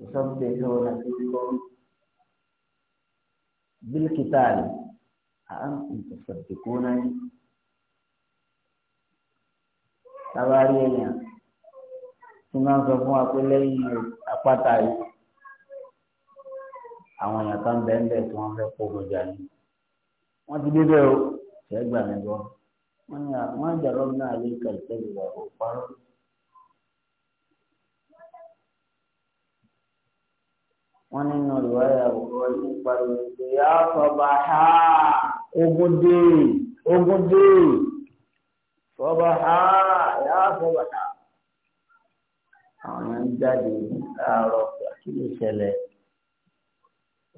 يسبحون فيكم بالقتال أأنتم تصدقونني tabarí èèyàn tí wọ́n sọ fún wa pé lẹ́yìn àpáta yìí àwọn èèyàn kan bẹ́ẹ̀ bẹ́ẹ̀ tí wọ́n fẹ́ kógun jà ní. wọ́n ti débẹ̀ o ṣẹ́gbà mi gbọ́ wọ́n ní àjọ lọ́gbọ́n àyè kẹ̀kẹ́ ìwà òparọ́ wọ́n nínú ìwáyà ọ̀rọ̀ yìí pariwo pé á sọba ha ogun dé ogun dé sọba ha yà sọba ha àwọn yẹn ń jáde láàárọ̀ kí ló ṣẹlẹ̀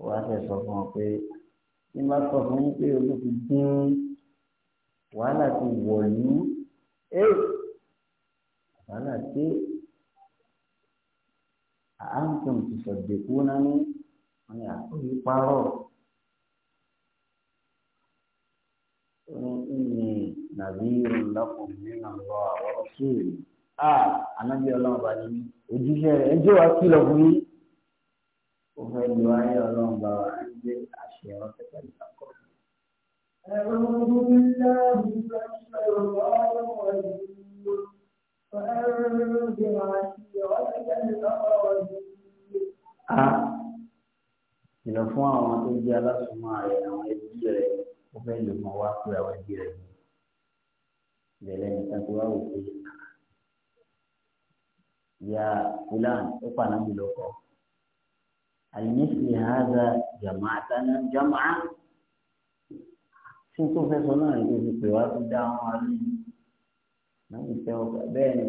wọ́n á fẹ́ sọ fún ọ pé bí wọ́n sọ fún yín pé ojú ti dín wàhálà ti wọ̀lú wàhálà ti àǹtí ń tìṣọ̀ dèkú nání wọn ni àkóyí parọ́ ní ìní nàbíyí lọ́kùn nínú ọ̀rọ̀ ọ̀rọ̀ sóòlù a anábì ọlọ́run bá ní ojúṣe rẹ̀ ẹjọ́ wa kìlọ̀ fún yín ó fẹ́ lu ayé ọlọ́run wa ń gbé àṣẹ ọ̀tẹ̀ pẹ̀lú àkọ́. أعوذ بالله من الشيطان الرجيم a ah. ìlọ fún àwọn tó jẹ́ alásùnmọ́ rẹ àwọn ẹbí rẹ ó fẹ́ lè mọ wá pé àwọn ẹbí rẹ ni bẹ̀rẹ̀ nìkan tó wá wò pé ya fulan ó pa náà mi lọkọ àyìnbí haza jamaatana jamaa tí tó fẹ́ sọ náà ni tó fi pè wá tó dá àwọn náà ń tẹ ọkọ bẹ́ẹ̀ ni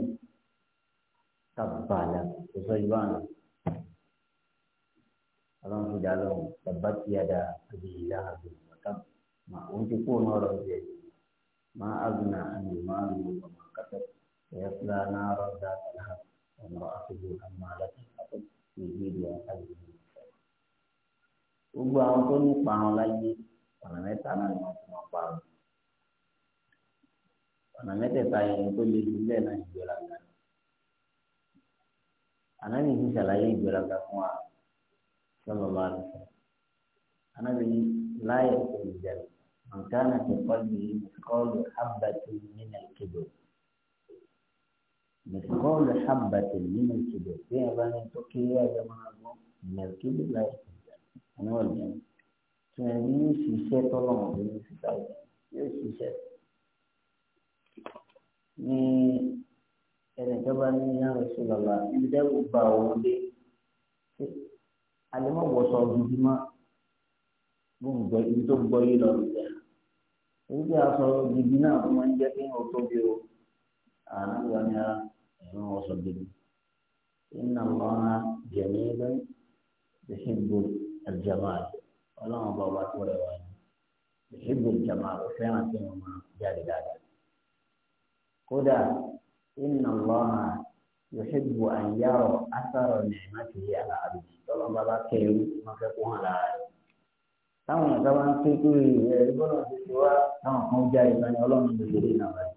tábàlà kò sọ ìlú àná ọlọ́run dá lọ́wọ́ bàbá tí a dá àbí ìlà àbí wọ́tá mà òun ti kó náà lọ bẹ́ẹ̀ má àgùnà àmì má lù ú ọmọ ni ọ̀nà mẹ́tẹ̀ẹ̀ta yẹn tó lè lu bẹ́ẹ̀ náà ìgbéraga ànábì ti ṣàlàyé ìgbéraga fún wa sọlọ lọ àdùsọ ànábì láyé ìjà nǹkan àti pọ́lì mìkọ́lù hábàtì nínú ìkéde mìkọ́lù hábàtì nínú ìkéde bí ẹ bá ní tó kéré ẹgbẹ́ máa gbọ́ nínú ìkéde láyé ìjà ní ọ̀lẹ́ tí wọ́n ní ṣiṣẹ́ tọ́lọ́mọ̀ lórí ṣiṣẹ́ yóò ṣiṣẹ́ ní ẹnì tó bá ní yàrá ìṣòlọ́lá níbi dẹ́rù bá òun dé alẹ́mọ̀ wọ̀sọ̀ gidi mọ́ gbogbo ibi tó gbọ́ yìí lọ rẹ̀ èyí tí a sọ gidi náà fún wọn jẹ́ kí wọ́n tóbi o àná wọn ni ẹ̀rọ wọ̀sọ̀ gidi iná wọn jẹ̀mí lẹ́yìn ìṣègbò ẹ̀jẹ̀mọ́ ọlọ́run bá wà tó rẹwà ìṣègbò ìjàmọ́ àrùn fẹ́ràn wọ́n máa jáde dáadáa kódà inna Allaha yuhibbu an yara athara ni'matihi ala abdi tọ́lọ́ bá bá kẹ́rù máa fẹ́ kó hàn lára rẹ̀. táwọn ìyàtọ̀ bá ń ké pé ìrẹ̀ gbọ́dọ̀ ti ti wá táwọn kan já ìlànà ọlọ́run ló lè nà rẹ̀.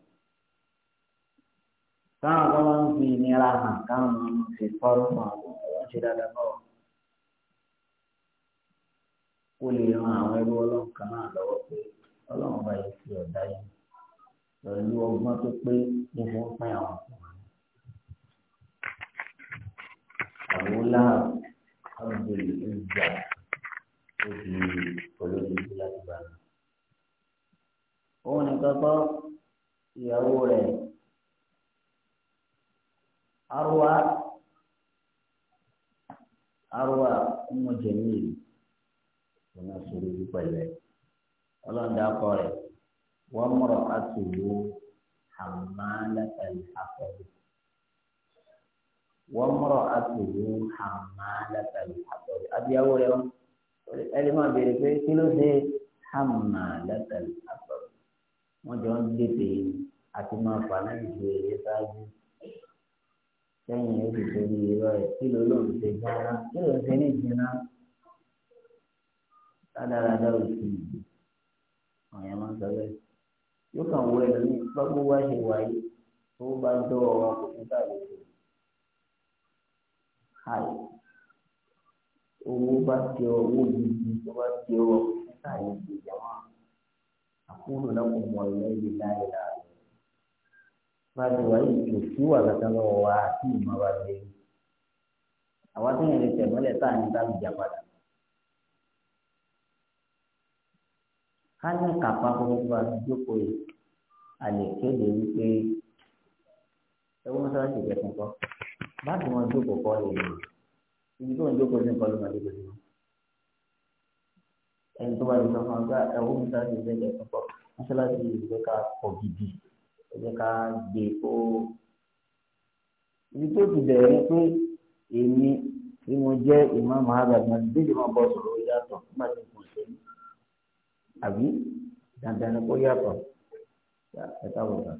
táwọn kan máa ń fi ìnira hàn káwọn máa fi fọ́ọ̀rù hàn wọ́n ṣe dáadáa náà. kó lè ran àwọn ẹrú ọlọ́run kan náà lọ́wọ́ pé ọlọ́run pẹ̀lú ọgbọ́n tó pé ní fún pín àwọn ọkùnrin. àwòlá abdul ìjà ó di olórí ìlú láti bá mi. òun nìkan kọ́ ìyàwó rẹ̀ arwa arwa ọmọ jẹ̀mí ìlú. ọ̀nà sọ̀rọ̀ ìlú pẹ̀lẹ́ ọlọ́run dá kọ́ rẹ̀. وامرأته حمالة الحطب وامرأته حمالة الحطب أبي أول يوم ẹlẹ́mọ̀ béèrè pé kí ló ṣe حمالة الحطب wọ́n jọ ń dìbò àti máa fà náà ju èyí ṣáájú sẹ́yìn ó sì torí irọ́ ẹ̀ kí ló lóun ṣe jẹ́ra kí ló ṣe ní ìjìnlá rádaràdà òsì ọ̀yàn máa ń sọ bẹ́ẹ̀ yóò kàn wọ ẹlòmíì bá gbó wá ṣe wáyé tó bá dọ́ ọ̀rọ̀ àkókò àyè owó bá tẹ owó gidi tó bá tẹ ọwọ́ àkókò àyè ìjọba àkúrò lọ́kùn mọ́ ilẹ̀ ibi láyé láàrin bá ti wáyé kò sí wà kankan lọ́wọ́ wa àti ìmọ̀ wa lé àwọn tó yẹn lè tẹ̀ mọ́lẹ̀ tá à ń dá ìjà padà. ká ní ìkàpá gbogbo àdúgbò yìí a lè kéde wípé ẹwọ mọ́sálásí ìjẹ kan kọ́ báàgì wọn jókòó kọ́ èèyàn ibi tó ń jókòó sí nǹkan ló máa jókòó sí ẹni tó bá lè sọ fún wa pé ẹwọ mọ́sálásí ìjẹ kan kọ́ mọ́sálásí ìjẹ ká pọ̀ gidi ìjẹ ká gbé kó ibi tó ti bẹ̀rẹ̀ pé èmi bí mo jẹ́ ìmáàmù àgbàgbọ́n bí mo bọ̀ sọ̀rọ̀ yàtọ̀ nígbà tí mo ṣe é àbí dandan ni kó yàtọ̀ ẹ káwọ kan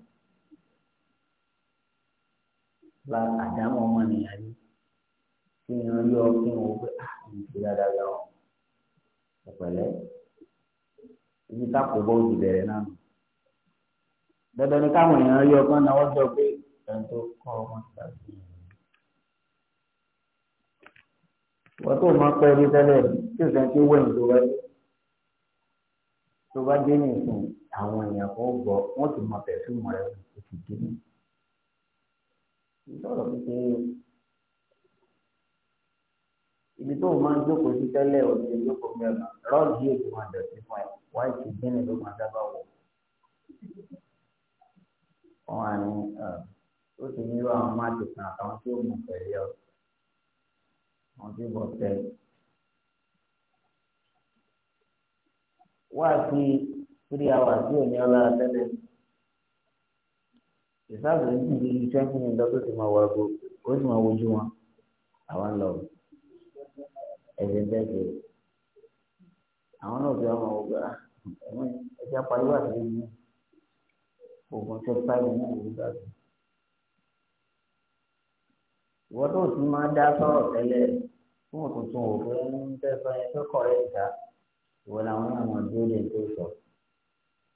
la àdámọ̀ ọmọnìyàn yìí kí ni wọn yọ kí wọn gbé à ń dáadáa wọn ọpẹlẹ ibi tá kò bọ òdì bẹ̀rẹ̀ náà dandan ni káwọn èèyàn yọ kán náà wọn jọ pé ẹni tó kọ ọmọ ìgbà sí i. wọ́n tó máa pẹ́ rí tẹ́lẹ̀ tí ìfẹ́ wẹ̀ ń tó wáyé tó bá dé ní ìsìn àwọn èèyàn kan gbọ́ wọ́n ti mọ pẹ̀fúmù rẹ̀ o ti dé ní. ìsọ̀rọ̀ pípé ibi tó o máa ń jókòó sí tẹ́lẹ̀ o ti jókòó mẹ́rin rọ́ọ̀gì èdè máa dọ̀tí fún ẹ wáyé ti dín ní ló máa dábàá wọ̀. wọ́n á ní ó ti nílò àwọn máàkì kan àtàwọn tí ó mọ̀ pẹ̀lú ẹ̀ àwọn tí bọ̀ pẹ̀lú. wáàsí three hours tí ò ní ọlọ́ra tẹ́lẹ̀ ìsáàbù ń dìde twenty minutes lọ́tọ́ ti máa wọ ago ó sì máa wojú wọn àwọn ń lọ ẹ̀jẹ̀ bẹ́ẹ̀ kiri àwọn náà fi ọmọ ah, ọgbà ẹ̀jẹ̀ apariwo àti ẹ̀jẹ̀ oògùn tó táyì ní ìlú gbàgbé ìwọ́n tó sì máa dá sọ̀rọ̀ tẹ́lẹ̀ fún òtútù òfin tẹ̀sán ẹ̀fẹ́ kọ̀ọ̀rẹ́ ìta ìwọ làwọn náà mọ̀ dúró lè tó sọ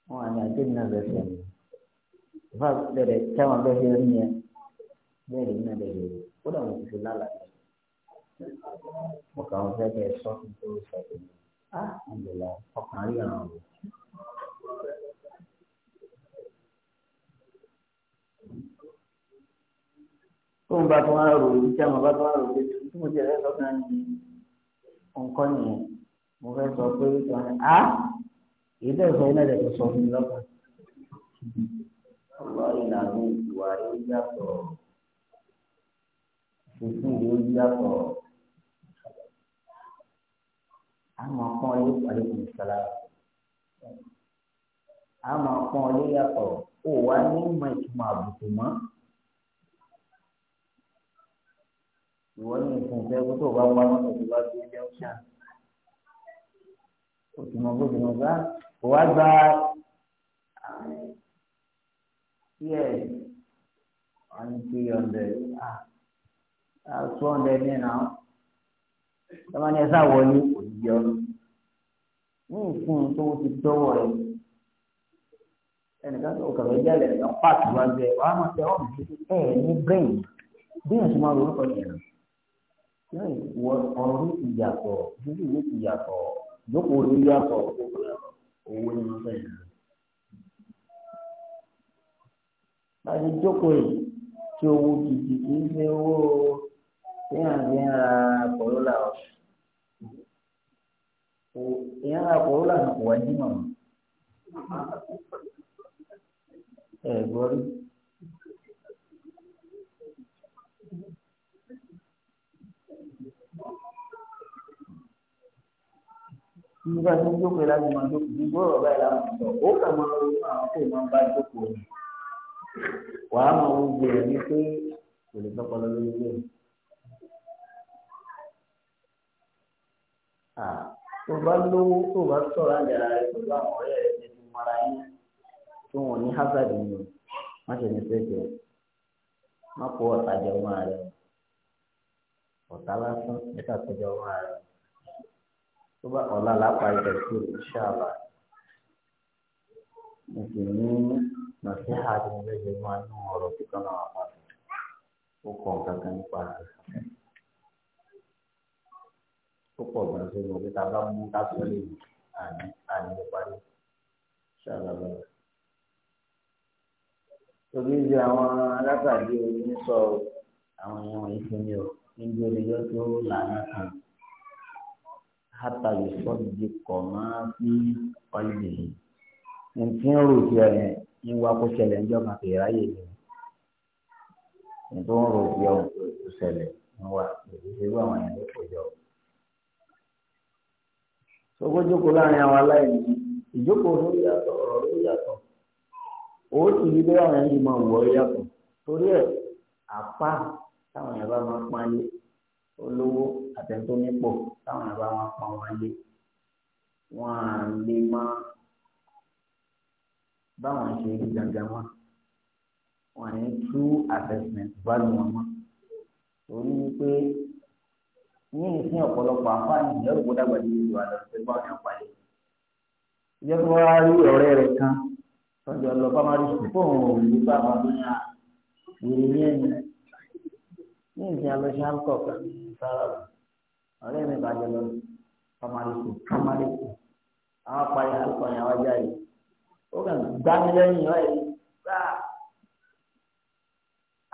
wọn àmì àtẹ́bí náà bẹ sọ ni ìfà bẹ̀rẹ̀ táwọn bẹ́ẹ̀ ṣe rí yẹn bẹ́ẹ̀ lè náà bẹ̀rẹ̀ rẹ̀ ó dà wọ́n ti fi lálàá mo kà wọ́n fẹ́ kẹ́ ẹ sọ fún tó sọ fún mi á àgbẹ̀là ọkàn rí àwọn tó ń bá tó wá rò ó tí àwọn bá tó wá rò ó pé tí mo ti rẹ́ ní nǹkan nìyẹn mo fẹ́ sọ pé a èyí tẹ̀ sọ iná rẹ̀ sọ fún mi lọ́kàn. ọ̀rọ̀ ìlànà ìwà rẹ̀ yàtọ̀ ìfún rẹ̀ yàtọ̀ àmọ́ kán ilé pàdé kò sara àmọ́ kán ilé yàtọ̀ ó wà ní ìmọ̀ ìtumọ̀ àbùkù mọ́. ìwọ ní ìfúnfẹ́ kó tó bá wà lọ́sọ̀ tó bá gbé ní ọ̀sán òtùmọ̀ gbọ́dọ̀ bá kò wá gba ah, yẹ one three ah two hundred ní ẹ̀nà tọ́ba ní ẹ̀sà wọlé òjijì ọdún ní ìfún tó ti tọ́wọ́ rẹ̀ ẹnìkan tó kàwé jẹ́lẹ̀ lọ pààkì wá jẹ wàá máa tẹ ọ́n ti ẹ̀ ní brain bí èsì máa ronú kọ́ nìyẹn yóò wọ ọ̀rọ̀ ìyàtọ̀ ìdílé ìyàtọ̀ jókòó ní yàtọ̀ owó ní wọn fẹ́ẹ́ láti jókòó yìí tí owó gidi kì í ṣe owó tí à ń ìyá ra kòrólà mọ̀ ẹ̀ gbọ́ nígbà tí ń jókòó láti máa jókòó ní gbọ́dọ̀ báyìí láwọn ọ̀dọ́ ó kà máa ronú àwọn tó máa ń bá jókòó rẹ̀ wàá máa ń gbé ẹ̀ ní pé kò lè tọ́pọ̀ lọ lórí ilé tó bá lówó tó bá sọ̀rọ̀ àjàrà rẹ̀ pẹ̀lú àwọn ọ̀rẹ́ rẹ̀ ní ti mọ́ra yín tó wọn ní hazard ni o má ṣe ní fẹ́ jẹ má kó ọ̀tá jẹ ọmọ ọ̀tá lásán nígbà tó jẹ ọmọ tó bá ọ̀la lápá ilẹ̀ sí ìṣàlà mo sì ní nàṣíhà tí mo fẹ́ ṣe máa ń ọ̀rọ̀ tí kan náà wà ó kọ̀ kankan nípa rẹ̀ ó pọ̀ gan-an sí mo pé ta bá mú ká tó lè àní àní parí ìṣàlà bẹ́ẹ̀ torí ju àwọn alábàbí onísọ àwọn èèyàn wọ̀nyí fún mi o níbi olùyọ́ tó lànà kan hata yusọ́jì di máa fi ọ̀lẹ́dẹ̀ yìí. Nǹkan ń rò sí ẹ̀yẹn ń wá kó ṣẹlẹ̀ ńjọ́ kan kì í ráyè ni. Nǹkan ń rò sí ọ̀hún kò ṣẹlẹ̀ ń wá ìṣerú àwọn ẹ̀yàn lẹ́kọ̀ọ́ jọ. Sọgbójókòó láàrin àwọn aláìní ìjókòó lórí yàtọ̀ ọ̀rọ̀ lórí yàtọ̀. Ó sì rí bẹ́ẹ̀ àwọn ẹ̀yìn máa wọ̀ yàtọ̀ torí ẹ̀ àpá táwọn ẹ̀yà bá máa pálí olówó àtẹ̀tọ́ nípò táwọn àbá wọn pa wọn lé wọn à lè mọ báwọn ṣe rí gangan wọn wọn ní true assessment value wọn mọ torí pé ní ìsín ọ̀pọ̀lọpọ̀ àfáàní ìyẹ́rù kó dàgbà ní ìlú àlọ́ pé báwọn yàn palẹ̀ ìjọba wa rí ọ̀rẹ́ rẹ̀ kan tọ́jú ọlọ́pàá máa rí sùn fóun òun nípa àwọn tó yàn wèrè ní ẹ̀yìn rẹ̀ ní ìsìn alọ́ṣẹ́ alcohol kan ní sára rẹ̀ ọ̀rẹ́ mi bàjẹ́ lọ kọ́málẹ́kù kọ́málẹ́kù àwọn apáyé alcohol yẹn wájà yìí ó kàn gbá mi lẹ́yìn ọ̀ yìí gbá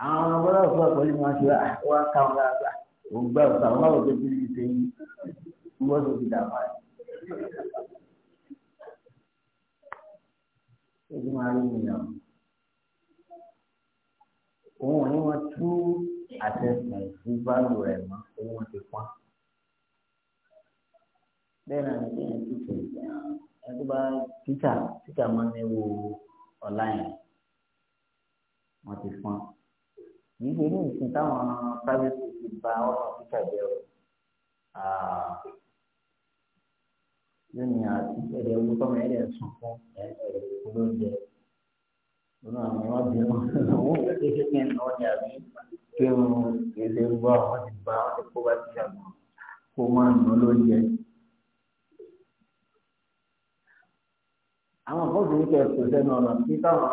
àwọn ọmọbọ́dọ̀ fún ọ̀pọ̀lọpọ̀ máa ṣe ah, wá káwọn lára òun gbá òun sàrọ̀ máa wò pé kí ni ṣe yí wọ́n tó fi dàgbà yìí. Ojú máa rí mi Òun ò ní wọn tú àtẹ̀sùn búbálù rẹ̀ mọ́ owó ti pọ́n. bẹ́ẹ̀ náà ní ẹni títì ẹni tó bá títà títà máa ń wo ọ̀la yẹn wọ́n ti pọ́n. yìí ṣe ní ìsìn táwọn private school ti ba ọ̀nà títà jẹ́ o yóò ní àti ẹ̀dẹ̀ owó tọ́mọ ẹ̀dẹ̀ sùn fún ẹ̀ẹ́dẹ̀ olóúnjẹ nínú àwọn ẹ̀wá bí wọn ṣe ṣe kí n lọ ní àbí kí n èdè gbọ́ àwọn ti bá wọn ti kó bá ti ṣàgbọ́n kó máa ń lọ lóúnjẹ. àwọn kan sì ń kẹ́ ọ̀nà tí táwọn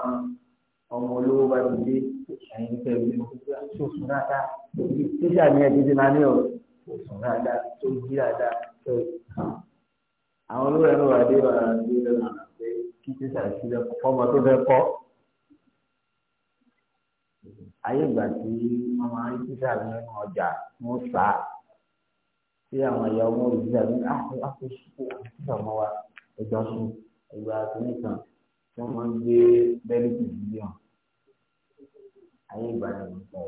ọmọ olówó bá ti dé ẹ̀yìn tẹ̀ bí tó sùn dáadáa tíṣà ni ẹ̀ ti dín náà ní ọ̀ tó sùn dáadáa tó jí dáadáa tó àwọn olówó ẹ̀rọ wà dé wà dé lọ́nà pé kí tíṣà sílẹ̀ fọ́mọ tó fẹ́ kọ́ ayé ìgbà tí wọ́n máa ń tíṣà nínú ọjà wọ́n sá tí àwọn ẹ̀yà ọmọ òrìṣà ní àkókò tíṣà ọmọ wa ẹjọ́ sùn ìgbà àtúnyẹ kan tí wọ́n máa ń gbé bẹ́ẹ̀lì tìlíọ̀n ayé ìgbà ni wọ́n pọ̀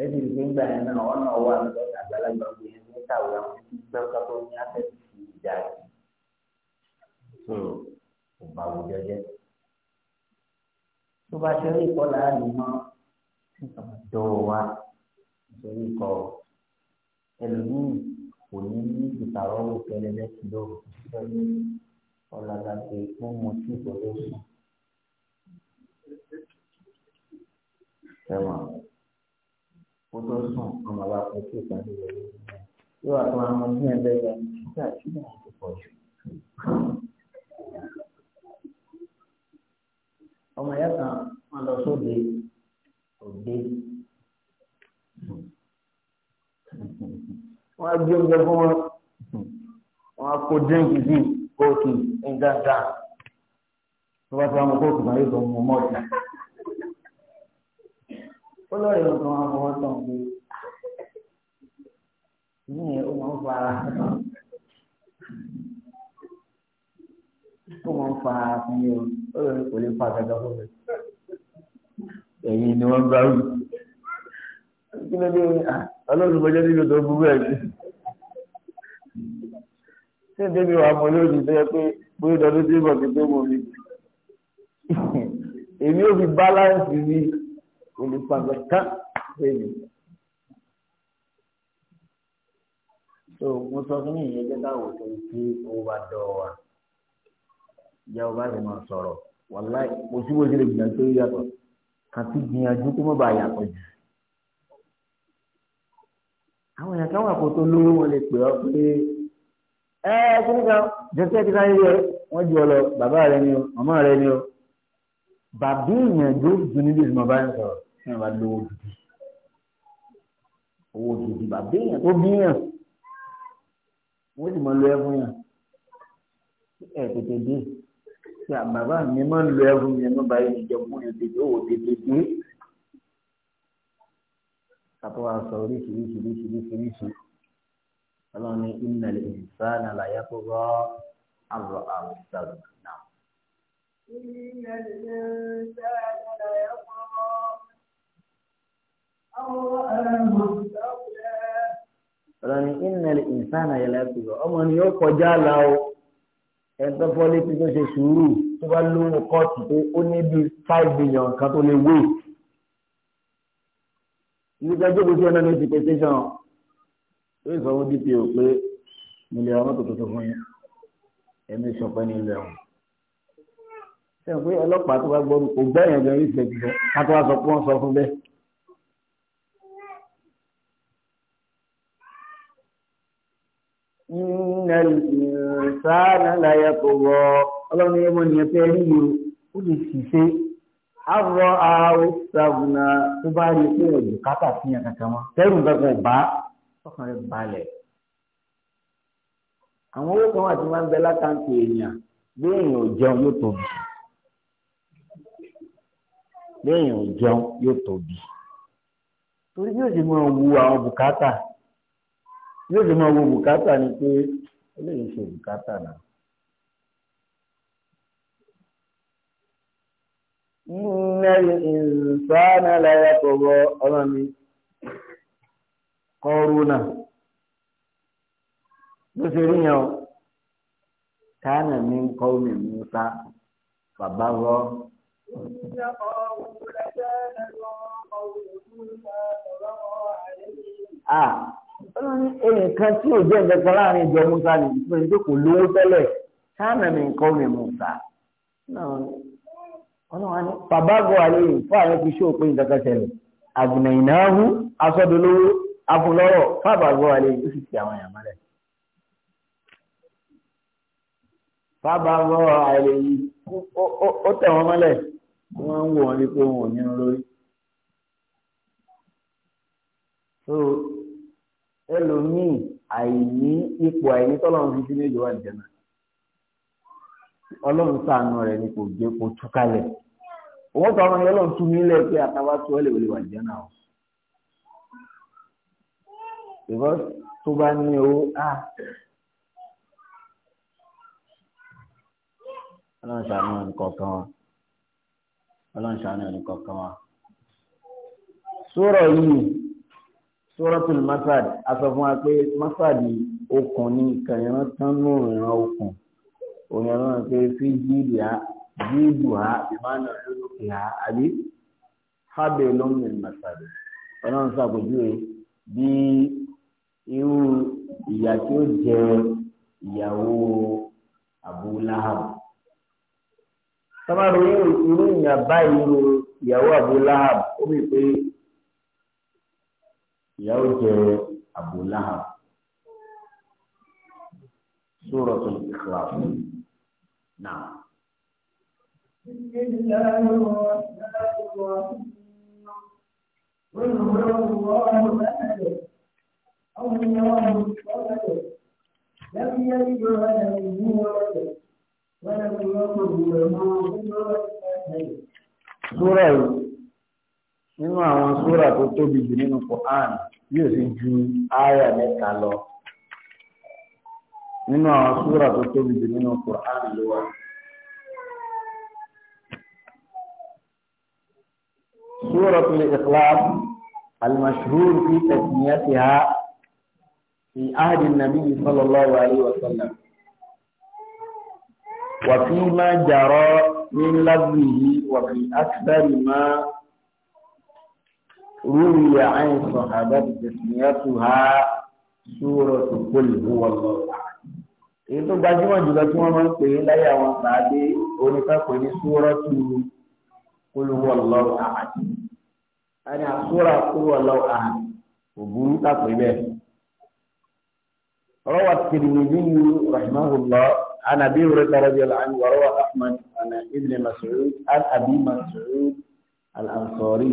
ẹ sì rí pé ńgbà yẹn náà ọ̀nà ọwọ́ àgbẹ̀ àgbàlagbà ọ̀gbìn yẹn ní kàwé àwọn ẹni tí wọ́n kọ́ ní afẹ́ ti ìjà rẹ̀ so kò bá àwùjọ jẹ́ tó bá ṣe rí ìkọ́ láàánú mọ́ nítorí dọ̀rọ̀ wa nítorí ìkọ́ ẹlòmíì kò ní ní ìtàrọ́ wò kẹlẹ́lẹ́ ti lóru lọ́yẹ́ ọ̀làgàgbé fún mo tí kò sùn. ẹ̀wọ̀n kó tó sùn ọmọ bá fẹ́ kí ìpàdé rẹ̀ yóò wá fún àwọn ọmọ tí ẹ̀ nígbà tí wọ́n ti pọ̀ jù ọmọ ẹ̀yà kan wọn lọ sóde òde wọn gbé oúnjẹ fún wọn wọn kó dírínkì bíi kóòtù ńgáńgá tó bá ti wá mú kóòtù máa yóò tó mú mọ́ ọ̀tá ó lọ́ọ̀rẹ́ ló kàn wọn fọwọ́ tán pé ní ó máa ń fara ó máa ń fa ní o ó lè kò lè fa gàgà fún mi ẹ̀yin ni wọ́n gbá wù kí ló dé ọlọ́run mọ́jọ́ níbi tó burú ẹ̀ sí ṣé débi wàá mọ lórí tó yẹ pé bóyá ìdọ́dún tí bọ̀ kí tó mọ mi èmi ò fi báláǹsì mi olùpàgọ́ tán èmi. so mo sọ fún yìnyín jẹ́ káwọ́ tó ń fi owó bá dọ̀ wa ìyá ọba rẹ̀ máa sọ̀rọ̀ wàláì kò sí wòye lè gbìyànjú tó yàtọ̀ kàti gbìyànjú kó má bàa yàtọ̀ jù. àwọn èèyàn kan wà kó tó lówó wọn lè pè ọ́ pé ẹ ẹ kí nìkan jẹ́sẹ́ ti láyé rẹ wọ́n jù ọ lọ bàbá rẹ ni o màmá rẹ ni o bàbí ìyànjú ju níbi ìsìn bàbá yẹn sọ̀rọ̀ kí wọ́n bá lówó gidi owó gidi bàbí ìyàn tó bí yàn wọ́n sì mọ lọ fún yàn ẹ tètè dé pé àbàbà mi máa ń lo ẹrù mi ẹnu báyìí ní ìjọba òun tètè òwò tètè dé kátó wa sọ oríṣiríṣiríṣiríṣi ọlọ́run ní ìnàlẹ̀ ìsáná làyà tó rọ àrò àrò ìsàlù náà. ọlọ́run ní ìnàlẹ̀ ìsáná yẹlẹ́ tó rọ ọmọ ni yóò kọjá la o ẹ̀ńtọ́ fọ́lẹ́tì tó ṣe sùúrù tó bá lówó kọ́ọ̀tù pé ó ní bíi five billion kan tó lè wé ní gbẹ́jọ́ gbèsè ọ̀nà ní ti pẹ̀tẹ́sán ó sọ fún dpo pé mo lè ra mọ́tò tuntun fún yín ẹ̀mí sọpẹ́ ní ilẹ̀ ọ̀hún sẹ́yìn pé ọlọ́pàá tó bá gbọ́rù kò gbẹ́ yẹn lórí ìṣègùn ká tó wá sọ pé wọ́n sọ fún bẹ́ẹ̀. Nínú ìsáàlá láyà kò wọ ọlọ́run ní ẹmọ nìyẹn fẹ́ rí yìí ó lè sì ṣe àrọ àwòsàgùnà tó bá rí pé ẹ̀jù kápá sí yàn kankan wọn tẹ́rù gbẹ̀gbẹ̀ bá ọkàn rẹ̀ balẹ̀. àwọn owó kan wà tí wọ́n ń bẹ látàǹtì èèyàn bí èèyàn ò jẹun yóò tóbi bí èèyàn ò jẹun yóò tóbi torí bí ó máa wu àwọn bùkátà bí ó máa wu bùkátà ni pé eléyìí ṣe bùkátà náà. Nínú ìsáná lára tọ̀rọ ọ̀rọ̀ mi, kọrúnà, ló ṣe ríyàn ọ́, káànà mi ń kọ́ mi Musa, bàbá rọ́. Ah ẹnìkan tí ò jẹ́ ìdẹ́kọ̀ láàrin ìjọ musa lè fi pé kò lówó tẹ́lẹ̀ sáànà mi nǹkan mi musa ọlọ́wọ́n ni pàbágọ́ àlẹ́ yìí fún àwọn fi ṣóò pé nǹkan ṣẹlẹ̀ àgùnà ìnáhù asọ́dolówó afúnlọ́rọ̀ fàbàgọ́ àlẹ́ yìí ó sì fi àwọn èèyàn mọ́lẹ̀ fàbàgọ́ àlẹ́ yìí ó tẹ̀ wọ́n mọ́lẹ̀ wọ́n ń wò wọ́n bí pé wọn ò ní lórí ẹlòmíì àìní ipò àìní tọ́lọ́run fi sí ní ìjọba ìjẹ̀nà ọlọ́run ṣàánú rẹ̀ ni kò jẹ́ kó tú kalẹ̀ òun tó àwọn ọlọ́run tú mí lẹ́ẹ̀ pé àtàwá tó ẹ̀ lè wọlé wà jẹ́nà o ìbọn tó bá ní owó á ọlọ́run ṣàánú ẹni kọ̀ọ̀kan wa ọlọ́run ṣàánú ẹni kọ̀ọ̀kan wa sọ̀rọ̀ yìí suratul masad a sọ fún wa pé masad okùn ní kànyẹ̀rán tán nù ìran okùn òyìnbó pé fi jíìdì á jíìdù á ìmánà lókè á àbí fábẹ́ lọ́mìn masad ọlọ́run ṣàpèjúwe bí irú ìyà tí ó jẹ ìyàwó Abu Lahab sábà ròyìn irú ìyà báyìí ìyàwó Abu ó bì pé ìyá ó jẹ Abu Lahab Suratul Ikhlas náà. قل هو الله احد الله الصمد لم يلد ولم يولد ولم يكن له كفوا احد. سورة nínú àwọn súrà tó tóbi jù nínú Quran yóò sì ju àyà mẹ́ta lọ nínú àwọn súrà tó tóbi jù nínú Quran ló wà. Suratul Ikhlas al-mashhur fi tasmiyatiha fi ahdi an-nabi sallallahu alayhi وفيما جرى من لفظه وفي أكثر ما روي عن صحابة تسميتها سورة قل هو الله èyí tó gbajúmọ̀ jùlọ tí wọ́n máa ń pè é láyé àwọn sàádé oníkàpè ní súrọ́tù Qul huwa Allahu ahad àti àsúrà Qul huwa Allahu ahad kò burú kàpè bẹ́ẹ̀. روى الترمذي رحمه الله عن أبي هريرة رضي الله عنه وروى أحمد عن ابن مسعود عن أبي مسعود الأنصاري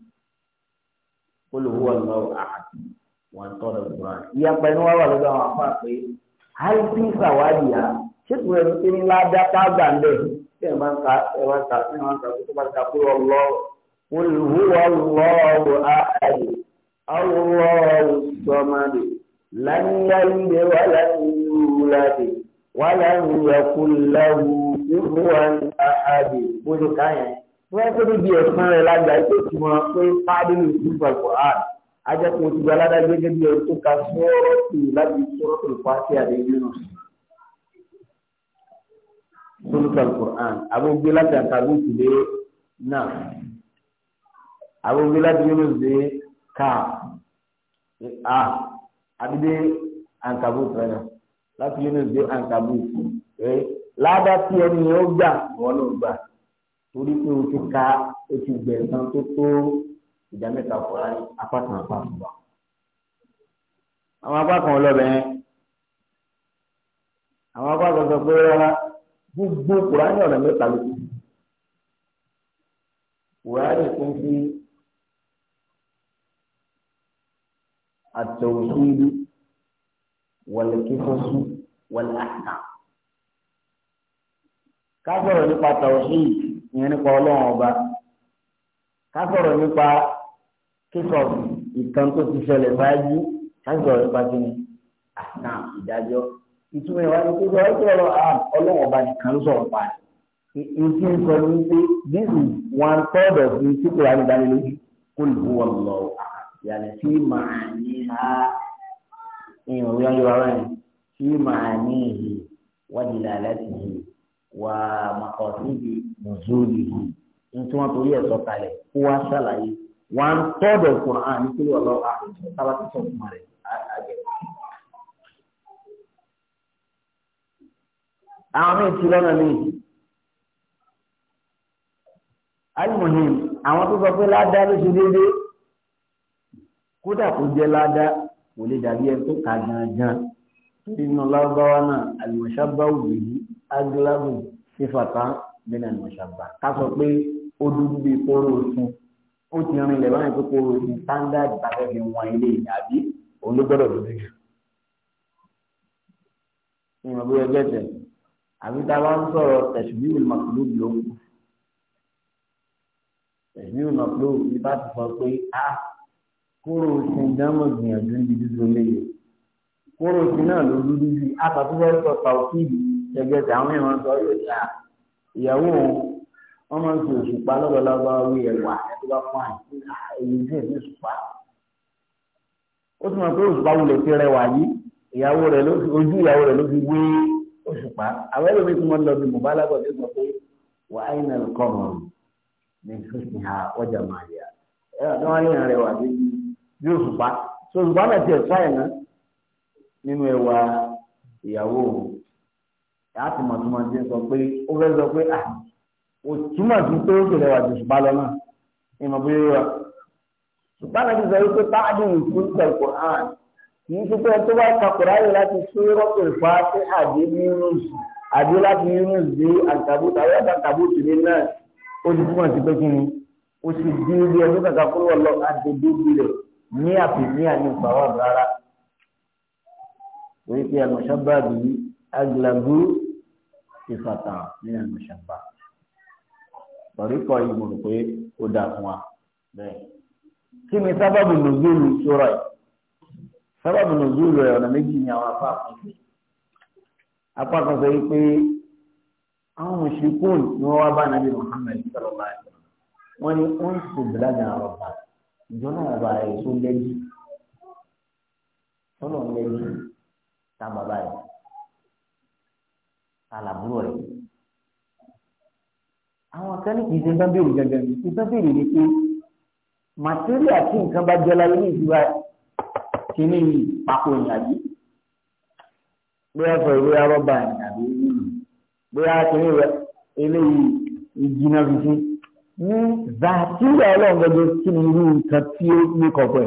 qul huwa Allahu ahad wọn tọ́lọ̀ quran ìyapa ẹni wá wà lọ́dọ̀ àwọn afá pé àìsí ìsàwádìí yá ṣètò ẹni tí ńlá dá tágbà ń bẹ̀ bí ẹ máa ń ka ẹ máa ń ka ẹ máa ń ka tó bá ta kúrò lọ qul huwa Allahu ahad Allahu samad lam yalid wa lam yulad wa lam yakul lahu kufuwan ahad bójú káyẹn wọ́n kó níbi ẹ̀sán rẹ̀ lágbà ètò ìtumọ̀ pé fádìlì ìdúgbà quran ajẹ́kùn ti gba aládá gẹ́gẹ́ bí ẹni tó ka sọ́ọ́rọ́ sí i láti sọ́ọ́rọ́ tó pa sí àdéhùn náà. Sọ́lùkà quran àbógbé láti àtàgùn ìdílé náà àbógbé láti yóò dé ká a àdídé àǹkàbù tẹ̀lé láti yóò dé àǹkàbù rẹ̀ ládàá tí ẹni yóò gbà wọ́n ló gbà torí pé o ti ka o ti gbẹ̀sán tó tó ìdá mẹ́ta fọ́ra ní apá kan apá kan wà. àwọn apá kan ọlọ́bẹ̀ yẹn àwọn apá kan sọ pé rárá gbogbo kùránì ọ̀nà mẹ́ta ló kù. kùránì tó ń fi àtọ̀wọ̀síìlú wàlẹ̀kífọ́sù wàlẹ̀ àkà. ká sọ̀rọ̀ nípa tàwọ̀síìlú ìyẹn nípa ọlọ́run ọba ká sọ̀rọ̀ nípa kíkọ̀ ìtàn tó ti ṣẹlẹ̀ báyìí ká sọ̀rọ̀ nípa kíni àná ìdájọ́ ìtumọ̀ ìwà ni kíkọ́ ẹ sọ̀rọ̀ ọlọ́run ọba nìkan ló sọ̀rọ̀ pa ìtì ń sọ ní pé this is one third of the people I dá lójú kó lè wọ lọ yàtọ̀ sí màá ní ha ìrìn òwe ayọ̀ ara ẹ̀ màá ní ìhì wọ́n ti là láti yìí wà màkàtúndì mùsùlùmí ní tí wọ́n torí ẹ̀ sọ kalẹ̀ kó wá ṣàlàyé wọn tọ́dọ̀ kùrán ní kílò ọlọ́wọ́ àti sábàtì sọ̀kùnmọ́ rẹ̀ àjẹ́. àwọn míì ti lọ́nà míì alimuhim àwọn tó sọ pé ládá ló ṣe déédéé kódà kó jẹ́ ládá kò lè dàbí ẹni tó kà gangan nínú lọ́gbọ́wọ́ náà àlùmọ̀ṣá bá wù mí aglabu sífàtà bẹ́ẹ̀ náà ni wọ́n ṣàgbà ká sọ pé ó dúdú bíi kóró oṣù ó ti rìn ilẹ̀ báyìí pé kóró oṣù standard tàbí fi wọn ilé ìdàbí òun ló gbọ́dọ̀ dúdú jù. ìmọ̀ bóyá gẹ́tẹ̀ àbí tá a bá ń sọ̀rọ̀ tẹ̀síbíwìl màkúlù ló ń kù tẹ̀síbíwìl màkúlù ní bá ti sọ pé a ah, kóró oṣù dámọ̀ gbìyànjú ní dúdú lé kóró oṣù náà ló dúdú jù àtàtúwọ́ sọ tàwọn kí ìlú gẹ́gẹ́ tí àwọn èèyàn sọ yóò ta ìyàwó wọn máa ń fi òṣùpá lọ́gbọ̀lọ́gbọ̀ wí ẹ̀wà ẹ̀tọ́ bá fún àyè ah, èyí tí èyí òṣùpá ó sì mọ̀ pé òṣùpá wulẹ̀ ti rẹwà yìí ìyàwó rẹ̀ ló fi ojú ìyàwó rẹ̀ ló fi wé òṣùpá àwọn ẹlòmíì tí wọ́n lọ bí mọ̀bá lágbàdo sọ pé wà á iná kọ́ mọ̀ ní fífi ha ọjà máa yà ẹ̀ ẹ̀ wọ́n lè rẹwà bí òṣùpá so òṣùpá náà ti ẹ̀ tọ́ ẹ̀ náà nínú ẹwà yàá ti mọ̀ túmọ̀ tí ń sọ pé ó fẹ́ sọ pé ah kò túmọ̀ sí pé ó kèlè wà ju ṣùgbọ́n lọ náà ní ìmọ̀ bóyá wà. ṣùgbọ́n àti sọ wípé táàdì ìfún kẹ̀kọ́ hàn kì í ṣe tó bá kakùrá yìí láti ṣe rọ́pò ìfà sí àdé yunus àdé láti yunus dé àǹkàbùtà àwọn àgbà àǹkàbùtà náà ó ti túmọ̀ sí pé kí ni ó sì dín ilé ọdún kankan kúrò lọ àdédé gbilẹ̀ ní àfihàn ní ìpàwọ̀ rárá. torí pé àmọ̀ṣá bá sífàtà nínú ìmọ̀ṣàmbá tọ̀ríkọ̀ yìí mo rò pé ó dáa fún wa bẹ́ẹ̀. kí ni sábàbù nùzúlù sọ̀rọ̀ ẹ̀ sábàbù nùzúlù ẹ̀ ọ̀nà méjì ni àwọn apá kan sí. apá kan sọ wípé àwọn òṣìkún ni wọ́n wá bá nàbí Muhammad sọ̀rọ̀lá ẹ̀ wọ́n ní ó ń sùn bìlájà àrọ̀bà ìjọ náà bá ẹ̀ tó lẹ́jì tọ́lọ̀ lẹ́jì tá bàbá yìí alàbúrò rẹ̀ àwọn kan ní kì í ṣe nǹkan béèrè gangan ní nǹkan béèrè ni pé màtíríà tí nǹkan bá jẹ́ láyé ní ìdíwá kíní yìí papò ìyàgbé bóyá sọ ìwé arọ́bà ìyàgbé yìí bóyá kíní rẹ eléyìí ìjìnà fífi ní zàtíríà ọlọ́ọ̀gọ́dọ̀ kí irú nǹkan tí ó ní kọ̀ọ̀kọ̀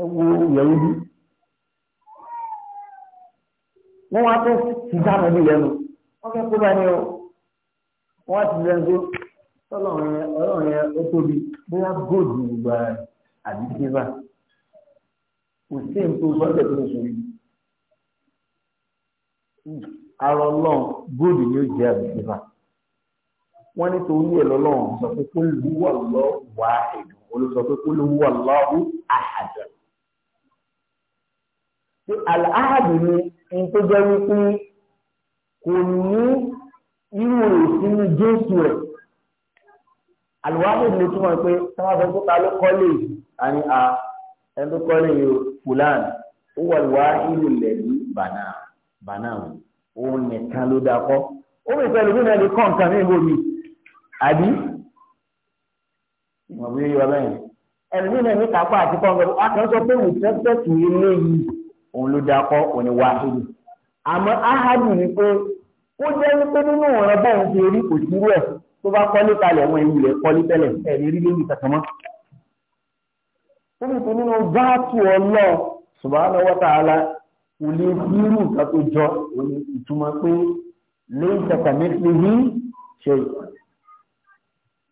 ẹ wo yẹ̀wò bí wọ́n wá tó ti dáná bí lẹ́nu wọ́n fẹ́ kó bá ní o wọ́n ti lẹ́nu tó tọ́lọ́run yẹn ọlọ́run yẹn ó tóbi bóyá góòdù gbogbo ara rẹ̀ àbí sílvà kò sí nǹkan gbọ́dọ̀ tó ń sọ yìí ara ọlọ́run góòdù ni ó jẹ́ àbí sílvà wọ́n ní torí ẹ̀ lọ́lọ́run sọ pé kó lù wà lọ́ wà ẹ̀dùn olùsọ pé kó lù wà lọ́wọ́ àhàjọ. ṣé àlàáhàdù ni nǹkan jẹ́ wípé kò ní irú ìsinmi jésù rẹ̀ àlùwáhùn ló túmọ̀ pé sábàbọ̀ tó ta ló kọ́lé àní a ẹni tó kọ́lé fulan ó wà lùwáhùn lẹ́bí bàná bàná òun nìkan ló dakọ́ ó mi fẹ́ lómi náà lè kọ́ nǹkan ní ìbò mi àbí ìmọ̀ bí yóò bẹ́ẹ̀ ẹ̀mí náà ní kápá àti kọ́ńgọ̀ akẹ́kọ̀ọ́ sọ pé wùtẹ́tẹ́tù ilé yìí òun ló dakọ́ òun ni wàhálì àmọ́ áhàdù ni pé ó jẹ́ wípé nínú ọ̀rọ̀ bọ́ọ̀ fi orí kò sí rẹ̀ tó bá kọ́lé kalẹ̀ wọn ìlú rẹ̀ kọ́lé tẹ́lẹ̀ ẹ̀rí rí lórí kankan mọ́. Fúnmi nínú báàtù ọlọ́ subhanahu wa ta'ala kò lè fi irú nǹkan tó jọ òní ìtumọ̀ pé lẹ́yìn kàkà mẹ́tìlẹ́ ní ṣe ìgbà.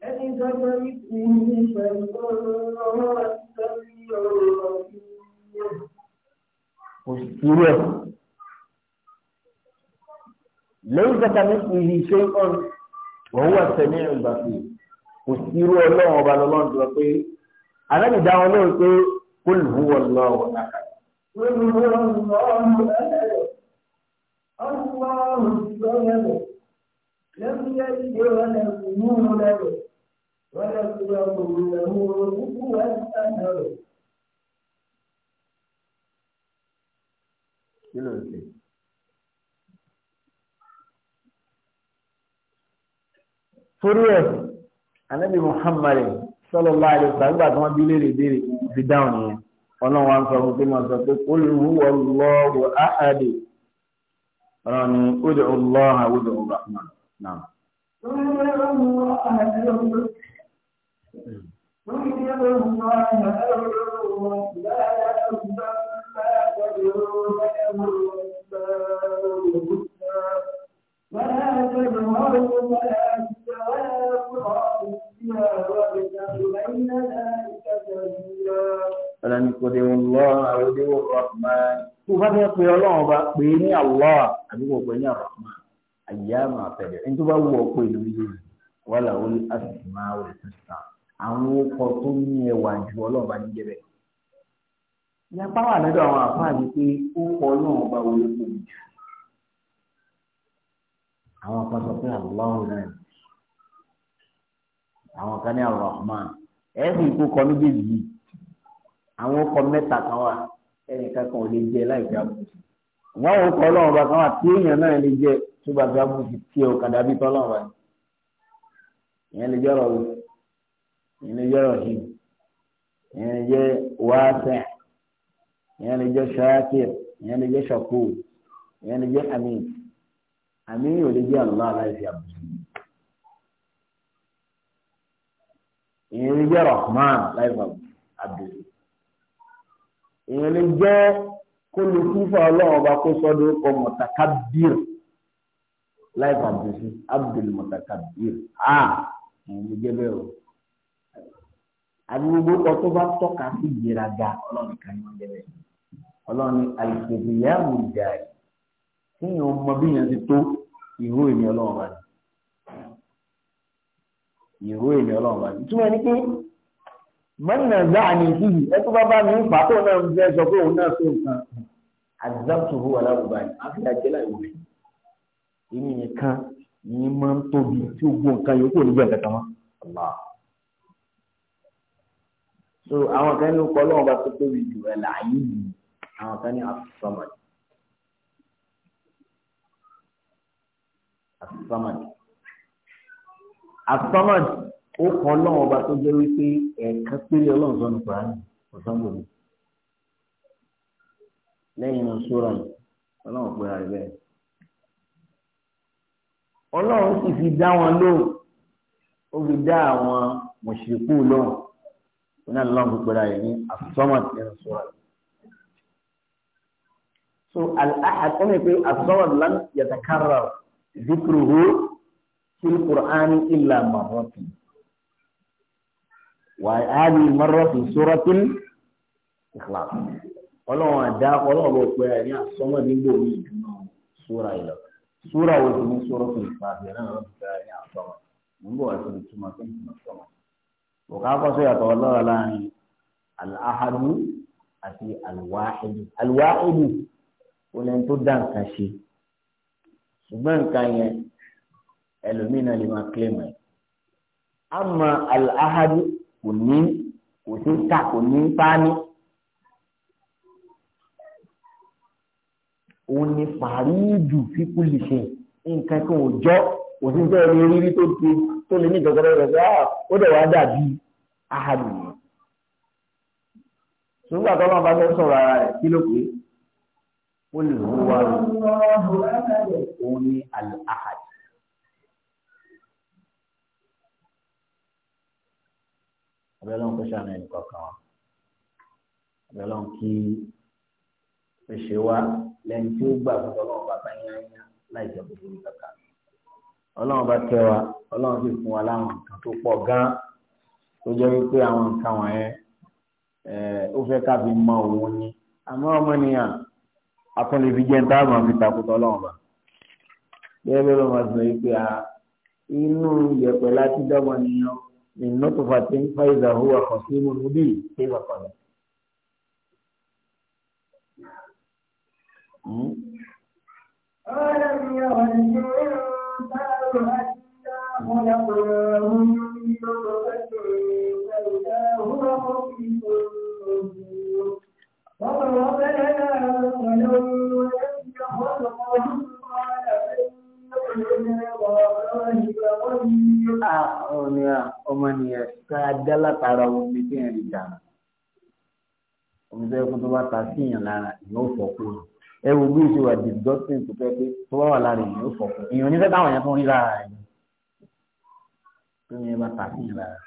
Ẹni tọ́jọ́ ní ìṣẹ̀lẹ̀ tó lọ́wọ́ àti tọ́jú ọ̀rọ̀ lẹ́yìn tẹ́ka ní ìlú ṣe ń kọ́ wọ́n wà sẹ́ni ìgbà pé kò sí irú ọlọ́run ọba lọ́lọ́run tó pé alábì dá wọn lóhùn pé kó lù ú wọn lọ náà Kí ló ń ṣe? torí ẹ̀ anabi muhammad sallallahu alaihi wasallam nígbà tí wọ́n bí léèrè béèrè fi dáhùn nìyẹn ọlọ́run wa ń sọ máa sọ pé qul huwa Allahu ahad ọ̀rọ̀ ni ud'u Allaha ud'u Rahman náà. ولا تدعوا ولا Ọlọ́ni kò dé wọn lọ àwọn òdewò Rahman. Tó bá fẹ́ pe ọlọ́run ọba pè é ní Allah àbí kò pè é ní Rahman. Àyà máa fẹ̀dẹ̀. Ẹni tó bá wù ọ́ pé lórí yìí wà láwọn ní àtìmá rẹ̀ sísá. Àwọn ọkọ̀ tó ní ẹwà ju ọlọ́run bá ní jẹ́bẹ̀. Ìyapá wà lọ́dọ̀ àwọn àfáà ni pé ó kọ ọlọ́run ọba wọlé kò jù. Àwọn kan sọ pé Allah náà ni àwọn kan ní Ar-Rahman ẹ fi ikú kọ níbi yìí àwọn ọkọ mẹ́ta kan wà ẹnìkan kan ò lè jẹ láì fi àbùkù wọn ò kọ Ọlọ́run bá kan wà tí èèyàn náà lè jẹ tó bá fi àbùkù tí o kàdá bí tọ́lọ́run wà ìyẹn lè jọrọ o ìyẹn lè jọrọ hìm ìyẹn lè jẹ wáásẹ ìyẹn lè jẹ ṣáàkìr ìyẹn lè jẹ ṣàkóò ìyẹn lè jẹ àmì àmì ò lè jẹ àlọ́ aláìsí àbùkù. èèyàn lè jẹ́ rahman láìpẹ́ abdul èèyàn lè jẹ́ kólukúfà ọlọ́run ọba kó sọ́dọ̀ kọ mọ̀tàkàbír láìpẹ́ abdul abdul mọ̀tàkàbír a èèyàn lè jẹ́ bẹ́ẹ̀ o agbègbè kan tó bá tọ́ka sí ìgbéraga ọlọ́run kan ní ọjọ́ bẹ́ẹ̀ ọlọ́run ní àìsèdè yà wù dàí kéèyàn mọ bí yẹn ti tó ìhó èmi ọlọ́run bá ní ìró èmi ọlọ́run bá ti túmọ̀ ní pé mọ́nà záàní ìdíyì ẹ tó bá bá mi ń pàtó náà ń fẹ́ sọ pé òun náà tó nǹkan àdìsáàtù owó aláwùbá yìí á fi àjẹlá ìwò rẹ̀ èmi nìkan ni máa ń tóbi tí ó gbó nǹkan yòókù nígbà kankan mọ́ so àwọn kan ní ó kọ́ lọ́wọ́ bá tó tóbi jù ẹ̀ láàyè yìí àwọn kan ní àfọ̀mọ̀dì àfọ̀mọ̀dì asọ́mọ̀d ó kọ́ ọlọ́run ọba tó jẹ́ wípé ẹ̀ẹ̀kan péré ọlọ́run sọ́nu kùránì ọ̀sánbòmí lẹ́yìn ṣúra ọlọ́run pé ààrẹ bẹ́ẹ̀. ọlọ́run sì fi dá wọn lóhùn ó fi dá àwọn mọ̀ṣẹ̀kù lóhùn wọn náà lọ́run pé ààrẹ ní asọ́mọ̀d lẹ́yìn ṣúra. so al-ahad ó ní pé asọ́mọ̀d lan yatakarrar fil qur'ani illa marrati wa hadi marrati suratul ikhlas ọlọ́run àdá ọlọ́run ló pe ẹ̀yìn àsọmọ́ nígbò ní ìdùnnú súra ìlọ súra wo ti ní súra fún ìpàdé náà ló ti pe ẹ̀yìn àsọmọ́ nígbò wà síbi túmọ̀ tó ń túmọ̀ sọmọ́ òkà kọ́sọ́ yàtọ̀ ọlọ́run láàrin al-ahadu àti al-wahidu al-wahidu ó lẹ́ni tó dá nǹkan ṣe ṣùgbọ́n nǹkan yẹn ẹlòmíín náà lè máa kílèmù ẹ̀. àmọ́ al-ahadu kò ní kò sí ta kò ní sáni. òun ni fàrídù fíkú lè ṣe nǹkan kan ò jọ́ òṣìṣẹ́ ẹni rírí tó ti tó lè ní ìgbàgbọ́dọ̀ rẹ̀ pé ah, ó dẹ̀ wá dàbí ahadu yẹn. sùgbà tó máa bá fẹ́ sọ̀rọ̀ ara rẹ̀ kí ló pé ó lè wá òun ni al abẹ́lọ́n kó ṣàánú ẹnì kọ̀ọ̀kan wa abẹ́lọ́n kí ó ṣe wá lẹ́yìn tí ó gbà fún ọlọ́run bá báyìí yányá láì jẹ́ kó lórí kàkà ọlọ́run bá tẹ wa ọlọ́run sì fún wa láwọn nǹkan tó pọ̀ gan-an tó jẹ́ wípé àwọn nǹkan wọ̀nyẹn eh, ó fẹ́ ká fi mọ òun ni àmọ́ ọmọnìyàn akọ́lẹ́bí jẹ́ níta àmọ́ fi takùtọ̀ ọlọ́run bá bẹ́ẹ̀ bẹ́ẹ̀ ló máa sọ wípé inú yẹ̀pẹ̀ láti dọ́gbọ̀n nìyàn. من نطفة فإذا هو خصيم مبين كيف قال ألم ير الإنسان أنا خلقناه من نطفة فإذا هو خصيم مبين وضرب لنا مثلا ونسي خلقه Ọ̀nì ọmọnìyàn ká dá látara omi tí ẹ̀ lè dànù. Omi tó yẹ kó tó bá ta sí èèyàn lára ìyẹn ò fọ́ kú. Ẹ wo bí ìṣe wà disgusting tó fẹ́ pé tó bá wà lára ìyẹn ò fọ́ kú. Èèyàn onífẹ́ táwọn yẹn fún rí lára ẹ̀. Tómi yẹn bá ta sí èèyàn lára.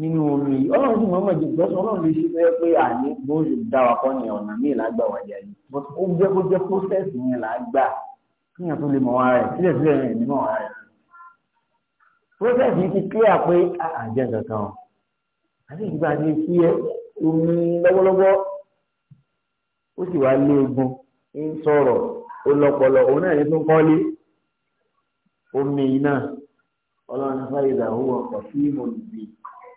Nínú omi yìí, ọlọ́run sì mọ̀ ọ́mọ disgusting ọlọ́run lè ṣe fẹ́ pé àní bó ṣe dá wa kọ́ ni ọ̀nà míì lágbà wájà yìí. Ó jẹ́ kó jẹ́ process yẹn làá kíyàn tó lè mọ̀ ara rẹ̀ sílẹ̀sílẹ̀ rẹ̀ ní mọ̀ ara rẹ̀. process yìí ti clear pé àjẹ́ ah, ah, kankan o àti ìgbà tí kí ẹ omi lọ́wọ́lọ́wọ́ ó sì wá lé egun ń sọ̀rọ̀ ó lọ́pọlọ òun náà ní tó ń kọ́lé omi náà ọlọ́run fáyé ìdáhùn ọkọ̀ sí ìmọ̀lùbí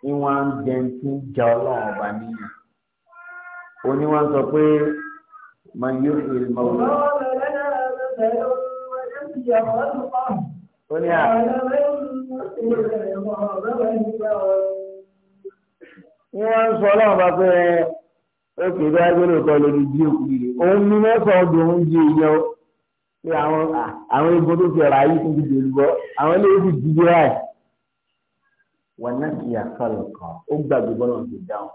ní wọ́n á ń jẹun tí ń jẹ ọlọ́run ọba nìyẹn òní wọ́n sọ pé man yóò fi mọ̀ ó ní à. ní wọ́n ń sọ ọlọ́run bá pé ó kì í bá gbọ́dọ̀ kọ́ lórí jí òkú yìí òun ní mẹ́sàn-án ọdún òun jí ìyẹn pé àwọn àwọn egbò tó fi ọ̀rọ̀ ayé fún jíjẹ olùbọ́ àwọn ilé ìdí jíjẹ ráì. wọn náà kì í àkọlù kan ó gbàgbé bọ́lá ti dáhùn.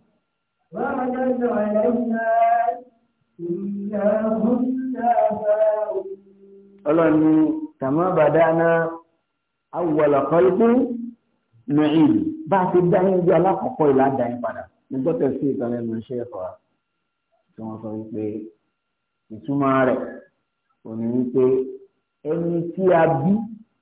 وعدا علينا إنا كنا ọlọ́ni tàmá bàdáná awwala khalqin nu'id bá a ti dá yín bí alákọ̀ọ́kọ́ ìlà dá yín padà nígbà tẹ̀ sí ìtàn ẹnu iṣẹ́ ẹ̀kọ́ wa tí wọ́n sọ wípé ìtumọ̀ rẹ̀ kò wípé ẹni tí a bí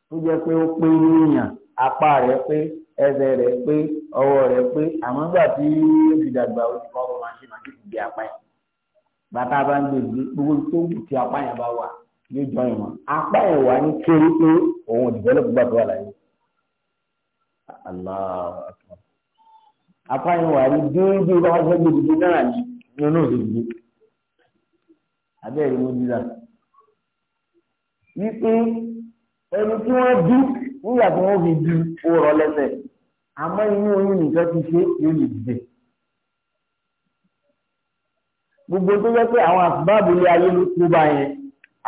tó jẹ́ pé ó pé ní èèyàn apá rẹ̀ pé ẹsẹ̀ rẹ̀ pé ọwọ́ rẹ̀ pé àmọ́ nígbà tí ó ti dàgbà ó ti kọ́ ọmọ máa ṣe máa ṣe gbé apá yẹn bàtà bá ń gbé gbogbo tó wù tí apá yẹn bá wà yóò jọ ìmọ̀ apá yẹn wà ní kéré pé òun ò dìbẹ́lẹ̀ gbogbo àgbà láyé apá yẹn wà ní déédéé bá wà fẹ́ gbèdéke náà ní nínú òdòdó abẹ́rẹ́ mo dira wípé ẹni tí wọ́n dún nígbà tí wọ́n fi di òrọ̀ lẹ́sẹ̀ àmọ́ inú oyún nìkan ti ṣe yóò lè dìde. gbogbo tó yẹ pé àwọn àbábò ilé ayé ló kú bá yẹn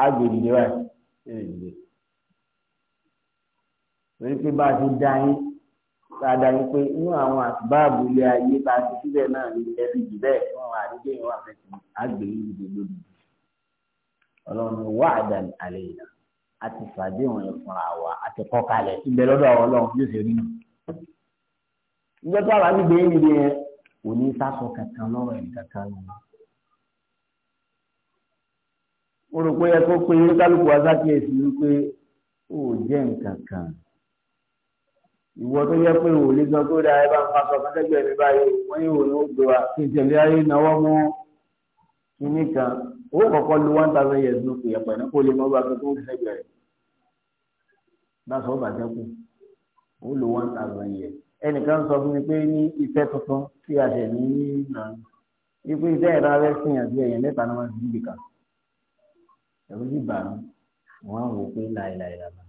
agbèrè dé wáyé yóò lè dìde. torí pé bá a ti dá yín tá a pé inú àwọn àbábò ilé ayé bá a ti síbẹ̀ náà ní ẹbí jù bẹ́ẹ̀ fún àwọn àdéjẹ́ ìwà fẹ́ agbèrè dìde lónìí. ọlọ́run wà á dàn àlẹ́ yìí náà a ti fàdé wọn yẹn fúnra wa a ti kọ́ kalẹ̀ ìgbẹ́ lọ́dọ̀ àwọn ọlọ́run yóò ṣe rí nù. ìgbẹ́ tó àwọn àgbègbè yìí ni yẹn kò ní sásọ kankan lọ́rọ̀ ẹ̀ kankan lọ. mo rò pé ẹ kó pé kálukú azákìyèsí wípé ó jẹ́ nǹkan kan ìwọ tó yẹ pé òun lè gan tó dáa ẹ bá ń fasọ fẹsẹgbẹ mi báyìí wọn yóò ní ó gbé wa kí n tẹ̀lé ayé náwó mú kínní kan owó kọ̀ọ̀kan lu one thousand years ló pè é pẹ̀lú kó lè mọ́ bá tó tó ń sẹ́gbẹ̀ẹ́ rẹ̀ báṣọ ọba sẹ́kù ó lò one thousand yẹ ẹnìkan sọ fún mi pé ní iṣẹ́ tuntun tí a ṣẹ̀ ní nà ipe iṣẹ́ ìlà rẹ̀ sìyàn sí ẹ̀yìn mẹ́ta náà ti dìbì kan ẹ̀rú sì bà mí wọ́n á wò pé láìláìlànà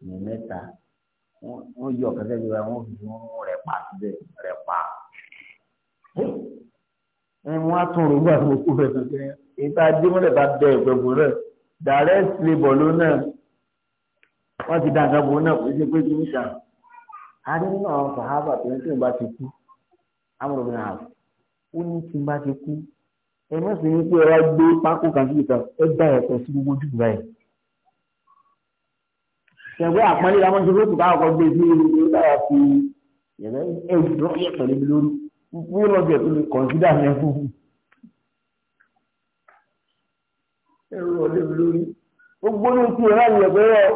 ẹ̀yìn mẹ́ta wọ́n yọ kẹsẹ́ bí wọ́n fi mú rẹ̀ pa síbẹ̀ rẹ̀ pa ẹni wọ́n á tún rò gbà fún òkú rẹ̀ tuntun yẹn ìta dímọ̀lẹ̀ bá bẹ ìpẹ̀bù rẹ̀ direct labour ló náà wọ́n ti dá nǹkan bò náà kò sí pé kí n ṣà adé nínú àwọn sàhábà tó ní tí n bá ti kú amúlò mi hàn ó ní tí n bá ti kú ẹ má sì ní pé ẹ wá gbé pákó kan sí ìta ẹ dá ẹ pẹ̀ sí gbogbo ojú ìgbà yẹn. ṣẹ̀gbẹ́ àpọ́nlé làwọn ṣe lóṣù káwọn kan gbé sí ilé báyà fi yẹ̀rẹ́ ẹ̀ dúró yẹ̀ pẹ̀lú mi lórí wọ́n lọ́ọ́ bẹ̀ tó lè kọ̀ǹsídà fún un. ẹ̀rọ ọ̀lẹ́ mi lórí gbogbo ní ti ẹ̀rọ ìyẹ̀pẹ̀ rẹ̀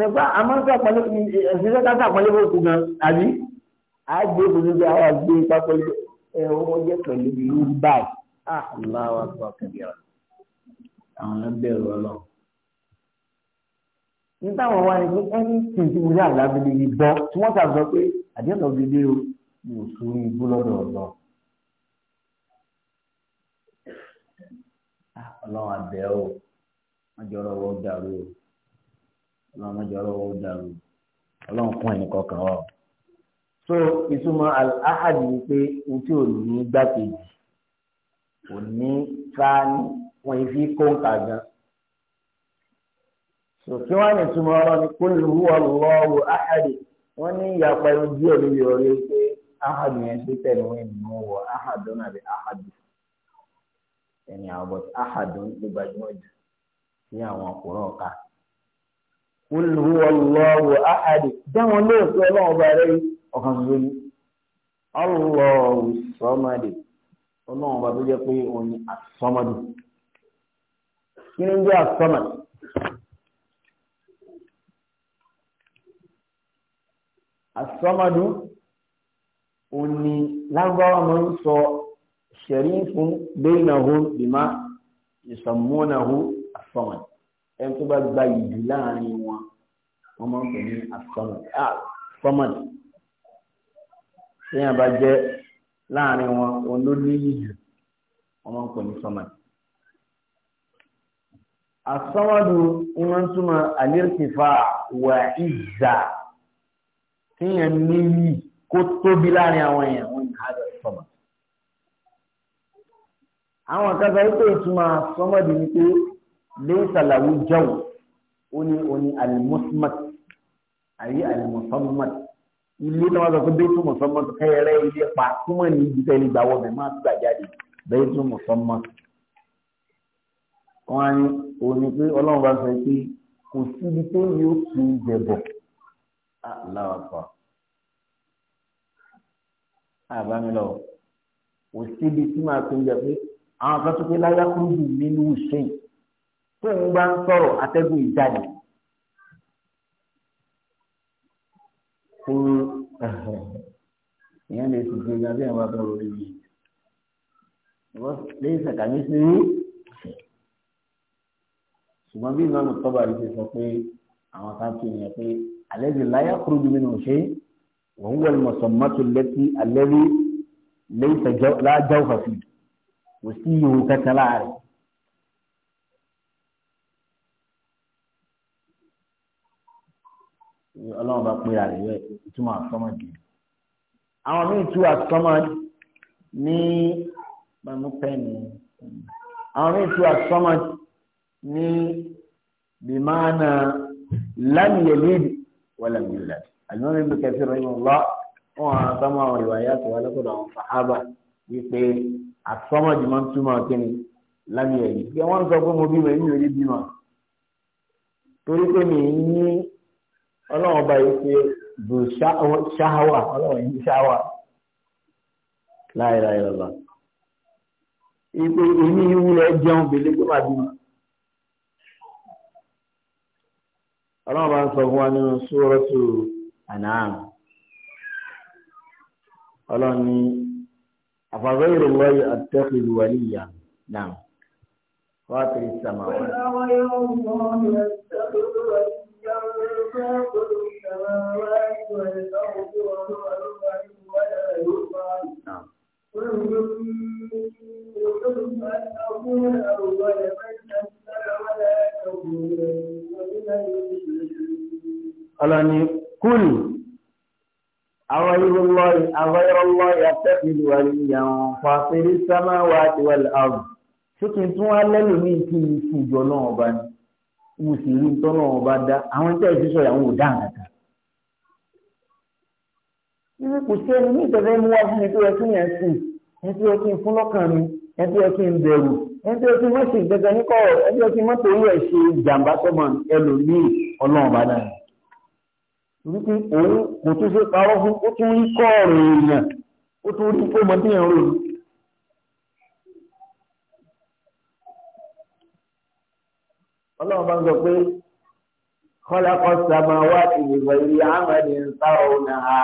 sẹgbà amáńsà pẹ̀lú ẹsẹ káńsà pẹ̀lú òkú gan àbí àgbẹ̀ òkúta àwọn àgbẹ̀ ipa pẹ̀lú ẹ ọmọ jẹ pẹ̀lú ìlú báyìí aláwọ àgbà kẹbíà àwọn ẹgbẹ̀rún Ọlọ́run nígbà wọn wá ní pé ẹni tí tí mo rí àlábìlì yìí bọ tí wọn kà sọ pé àdéhùn òdìdí o mi ò sún igbó lọ́dọ̀ ọlọ. Ọlọ́run àbẹ ah, o wọn jọrọ wọn dàrú o ọlọ́run mọ́jọ ọlọ́wọ́ ó dàrú ọlọ́run kún ẹnì kọkàn wa o. so ìtumọ̀ al-ahadi ni pé n tí ò ní gbàkejì ò ní sáánì wọn yìí fi kó nǹkan gan. so kí wọ́n lè túmọ̀ ọlọ́run qul huwa Allahu ahad wọ́n ní ìyapa ẹni díẹ̀ lórí ọ̀rẹ́ pé ahadi yẹn ṣe tẹ̀lé wọn ìmú wọ ahadun àbí ahadi ẹni àwọn bọ̀t ahadun ló gbajúmọ̀ jù ní àwọn ọkùnrin ọ̀ka. qul huwa Allahu ahad dáwọn lóò sí ọlọ́run ọba rẹ̀ ọ̀kan ṣoṣo ni Allahu samad ọlọ́run ọba tó jẹ́ pé òun ni as kí ni jẹ́ as-samad. òun ni lágbára máa ń sọ ẹni tó bá gba ìdí láàrin wọ́n máa ń pè ní asọ́mọ̀dì téèyàn bá jẹ́ láàrin wọn òun ló níyì jù wọ́n máa ń pè ní sọ́mọ̀dì. asọ́mọ̀dù ìwọ̀n túmọ̀ àlérìkìfà wà ìzà téèyàn níyì kó tóbi láàrin àwọn èèyàn wọ́n ń kájọ sọ́mọ̀dì. àwọn akẹ́kọ̀ọ́ yìí pé ìtumọ̀ sọ́mọ̀dì ni pé lẹ́yìn sàlàwù jẹun ó ní ó ní alimusmat àyè àlùmọ̀sánmọ́t ilé náà wọ́n sọ pé bẹ́ẹ̀ tún mọ̀sánmọ́t kẹ́rẹ́ ilé pa túmọ̀ ní ibi tẹ́lẹ̀ gbà wọ́n bẹ̀ máa gbà jáde bẹ́ẹ̀ tún mọ̀sánmọ́t. wọ́n á ní òun ni pé ọlọ́run bá sọ pé kò síbi tó yóò kú jẹ̀bọ̀ aláwàpá àbámilọ kò síbi tí màá tún jẹ pé àwọn kan tó pé láyà kúrú nínú ìṣe tó ń bá ń sọ̀rọ̀ atẹ́gùn ìjáde. kó èèyàn lè sì gbé ga bí àwọn abẹ́ orí yìí wọ́n lè sàkàmí sí rí ṣùgbọ́n bí ìmọ̀ tọ́ba yìí ti sọ pé àwọn kan ti, yẹn pé alẹ́ ti láyà kúrò ju nínú ṣe wọ́n wọ́n mọ̀sánmọ́tò lẹ́tí alẹ́ rí lẹ́yìn tẹ̀jọ́ láàjọ́ òfàfin kò sí ìhòòhò kankan láàrin. ọlọ́run bá pè àrẹ rẹ ìtumọ̀ àsọ́mọ̀ dì àwọn míì tú àsọ́mọ̀ ní mọ̀mú pẹ́ẹ́nì àwọn míì tú àsọ́mọ̀ ní bìmánà lámìyẹ̀lẹ́dì wàlámìyẹ̀lẹ́dì àlùmọ́mí bí kẹfì rẹ̀ yóò lọ wọn àtọ́mọ̀ àwọn ìwà yàtọ̀ alákọ̀dọ̀ àwọn fàhábà wípé àsọ́mọ̀ jùmọ̀ ń túmọ̀ kíni lámìyẹ̀lẹ́dì wọ́n sọ pé mo bímọ èmi ò ní bímọ torí pé mi ní ọlọ́run ọba yìí ṣe bù ṣáhàwà ọlọ́run yìí ṣáhàwà láìláì lọ́la ìpè èmi ìwúlẹ̀ jẹun bèlè tó máa bímọ. ọlọ́run bá ń sọ fún wa nínú sórọ́tù ànáàmù ọlọ́run ní àfàgbẹ́ ìrọ̀lọ́ yìí àtẹ́kùlù wà níyà náà wá tẹ̀lé sàmáwá ọlọ́ni kúl àwọn irúlọ́ àwọn irúlọ́ yàtẹ́kìlì wà ní àwọn fàṣírí sámáwá àti wàlẹ̀ àrùn tó kí n tún wá lẹ́lòmíì kí n sì jọ náà ọba ni. mo sì rí ntọ́nà ọba dá àwọn tẹ́ ya ti sọ ìyàwó dá àwọn kan. Ibi kò sí ẹni ní mú wá fún mi yẹn sìn, kí n fún lọ́kàn mi, kí n bẹ̀rù, kí n má ṣe ìgbẹ́gbẹ́ ní ni. òun kò tún ṣe parọ́ fún, ó tún rí kọ́ọ̀rọ̀ èèyàn, ó tún rí ọlọ́run bá ń sọ pé kọ́lá kan sàmà wá ìwé ìwé àmàlì ń sá òun náà.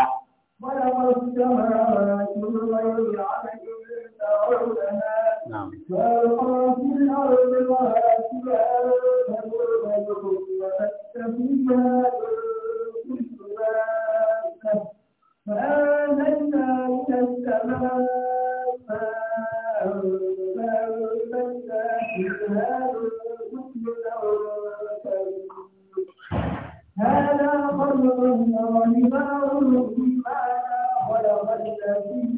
kọ́lá kan sàmà wá ìwé ìwé àmàlì ń sá òun náà. نعم فآمنا إلى السماء هذا فضل ونباء بما خلق الذين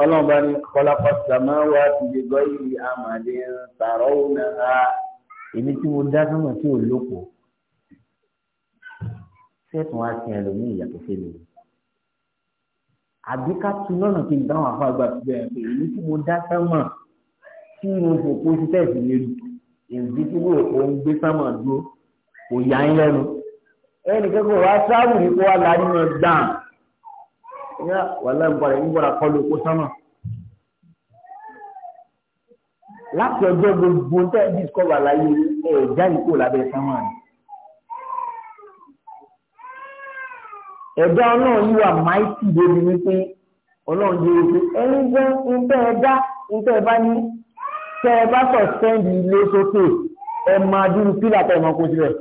Ọlọ́run bá ní kọ́lápọ̀ sàmáwá ti lè gbọ́ yìí àmàlẹ́ tààrọ́ òun náà èmi tí mo dá sọ́mọ̀ tí ò lóko. Sẹ́ẹ̀tún wá sí ẹlòmíì ìyàtọ̀ fẹ́lẹ̀. Àbí ká tu lọ́nà kí n dáhùn àfọ́ àgbà tó bẹ̀rẹ̀ pé èmi tí mo dá sọ́mọ̀ tí mo fòpó sí tẹ̀sí lérí èyí tí wò ó ń gbé sámà dúró kò yá ń lẹ́nu ẹnì kẹ́kọ̀ọ́ wa sáàbù ní kó wa la nínú dàn yá wàhálà ń bọ̀rẹ̀ ń bọ̀rẹ̀ kọ́ ló kó sámà. láti ọjọ́ gbogbo tẹ́ ẹ discover láyé ẹ jáde kó lábẹ́ sámà ni. ẹ̀dá ọlọ́run yìí wà máìtì débi wípé ọlọ́run yìí wípé ẹni jẹ́ ń tẹ́ ẹ dá ń tẹ́ ẹ bá ní tẹ́ ẹ bá sọ̀sẹ́ndì ilé sókè ẹ máa dúró pílà tẹ́ ẹ máa kó sílẹ̀.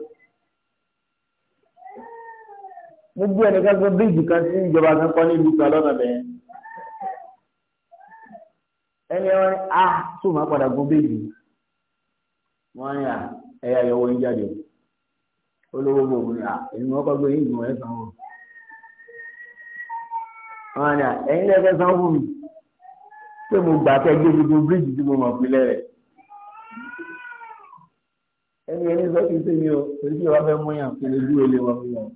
mo gbé ẹnìkan gbé bíríìjì kan sí ìjọba kan kọ́ ní ìlú kan lọ́nà bẹ́ẹ̀. ẹni ẹ wọ́n ní a ah, tó máa padà gun bíríìjì wọ́n ní à ẹ̀yà ìyọ̀wọ́ yín jáde olówó gbòòrò ní à èmi wọ́n kọ́ gbé yín gbòòrò ẹ̀ sanwó. wọ́n ní à ẹ̀yin lẹ́ẹ̀kẹ́ sanwó mi pé mo gbà kẹ́ gbé gbogbo bíríìjì tí mo mọ̀ pínlẹ̀ rẹ̀ ẹni ẹni sọ kí n o èyí tí wọ́n fẹ́ mú yàn kí lójú ilé wọn fún wọn.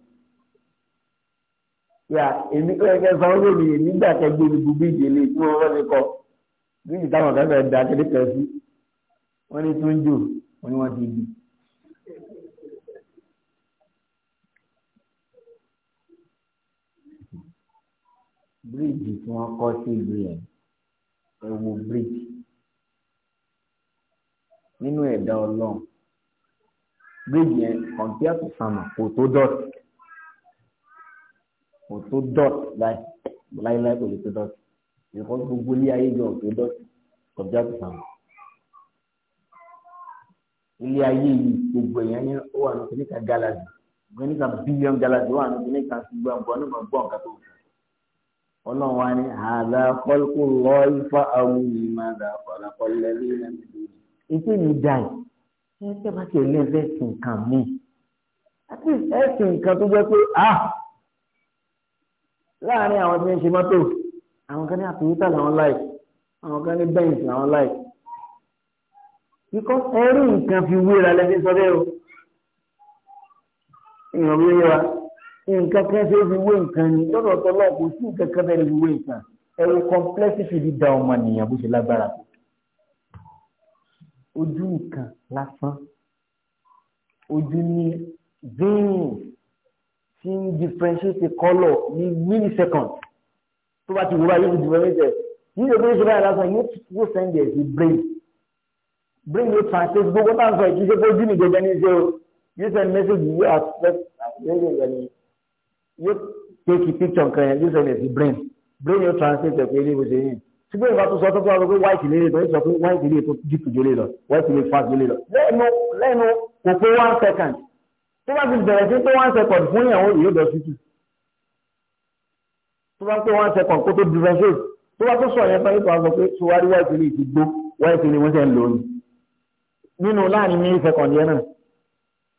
yà èmi kọ́ ẹgbẹ́ sanwó lórí èmi gbà kẹ́ gbé gbogbo bíríìjì ilé tí wọ́n fẹ́ kọ́ bíríìjì táwọn kan fẹ́ da kéde kẹ́ sí wọ́n ní tún jù wọ́n ní wọ́n ti di. bíríìjì tí wọ́n kọ́ sí ìlú yẹn ẹ wo breed nínú ẹ̀dá ọlọ́run breed yẹn compare to sama kò tó dot kò tó dot láìláì kò lè tó dot ìkọ́ gbogbo ilé ayé jọ tó dot compare to sama ilé ayé yìí gbogbo èèyàn ní ó wà ní kíníkà galaxy kíníkà billion galaxy ó wà ní kíníkà gbọ̀ngbọ̀n ní ma gbọ̀n kátó fún un ọlọ́run wa ní àlà kọ́lùkù lọ ifá àwọn ènìyàn máa dà ọ̀pọ̀lọpọ̀ lẹ́rí lẹ́nu. ètò mi dà yìí ẹ bá tiẹ̀ lé ẹsẹ̀ sí nǹkan mi àti ẹsẹ̀ nǹkan tó jẹ́ pé a ah! láàárín àwọn tí wọ́n ṣe mọ́tò àwọn kan ní àpòyítà làwọn láìkì àwọn kan ní bẹ́ǹsì làwọn láìkì. kíkọ́ ẹrú nǹkan fi wéra lẹ́sẹ̀ sọ́dẹ́ o èèyàn bí ó yẹ wa nǹkan kan ṣe é fi wé nǹkan ni lọ́dọ̀ tọ́lọ́ kò sí nǹkan kan bẹ́ẹ̀ fi wé nǹkan ẹ̀rù complexity fi da ọmọ nìyẹn bó ṣe lágbára tó ojú nǹkan lásán ojú ní veins tí ń differentiate colour ní milliseconds tó bá ti wúra yóò fi differentiate yìí ló fi ṣe báyìí lásán yóò wó send ẹ̀ sí brain brain yóò translate gbogbo náà sọ ìkíṣe fún ojú nìgbẹ́jẹ́ ní ṣe o yóò send message yóò affect àti ẹ̀yẹ̀ yẹn ni yóò take a picture nǹkan yẹn yóò sẹ́yìn sí brain brain yóò translate ẹ̀kọ́ ilé ìwòsàn yìí ṣùgbọ́n ìgbà tó sọ tó tọ́wọ́ pé white lè lè tó sọ pé white lè tó deep jò lè lọ white lè fast jò lè lọ lẹ́nu lẹ́nu kò pé one second tó bá ti bẹ̀rẹ̀ sí pé one second fún ìyàwó yóò lọ sí tù tó bá ń pé one second kó tó differentiate tó bá tó sọ yẹn fún ìtàn sọ pé tiwari white lè ti gbó white lè wọ́n ṣe ń lò ní nínú láàrin ní second yẹn náà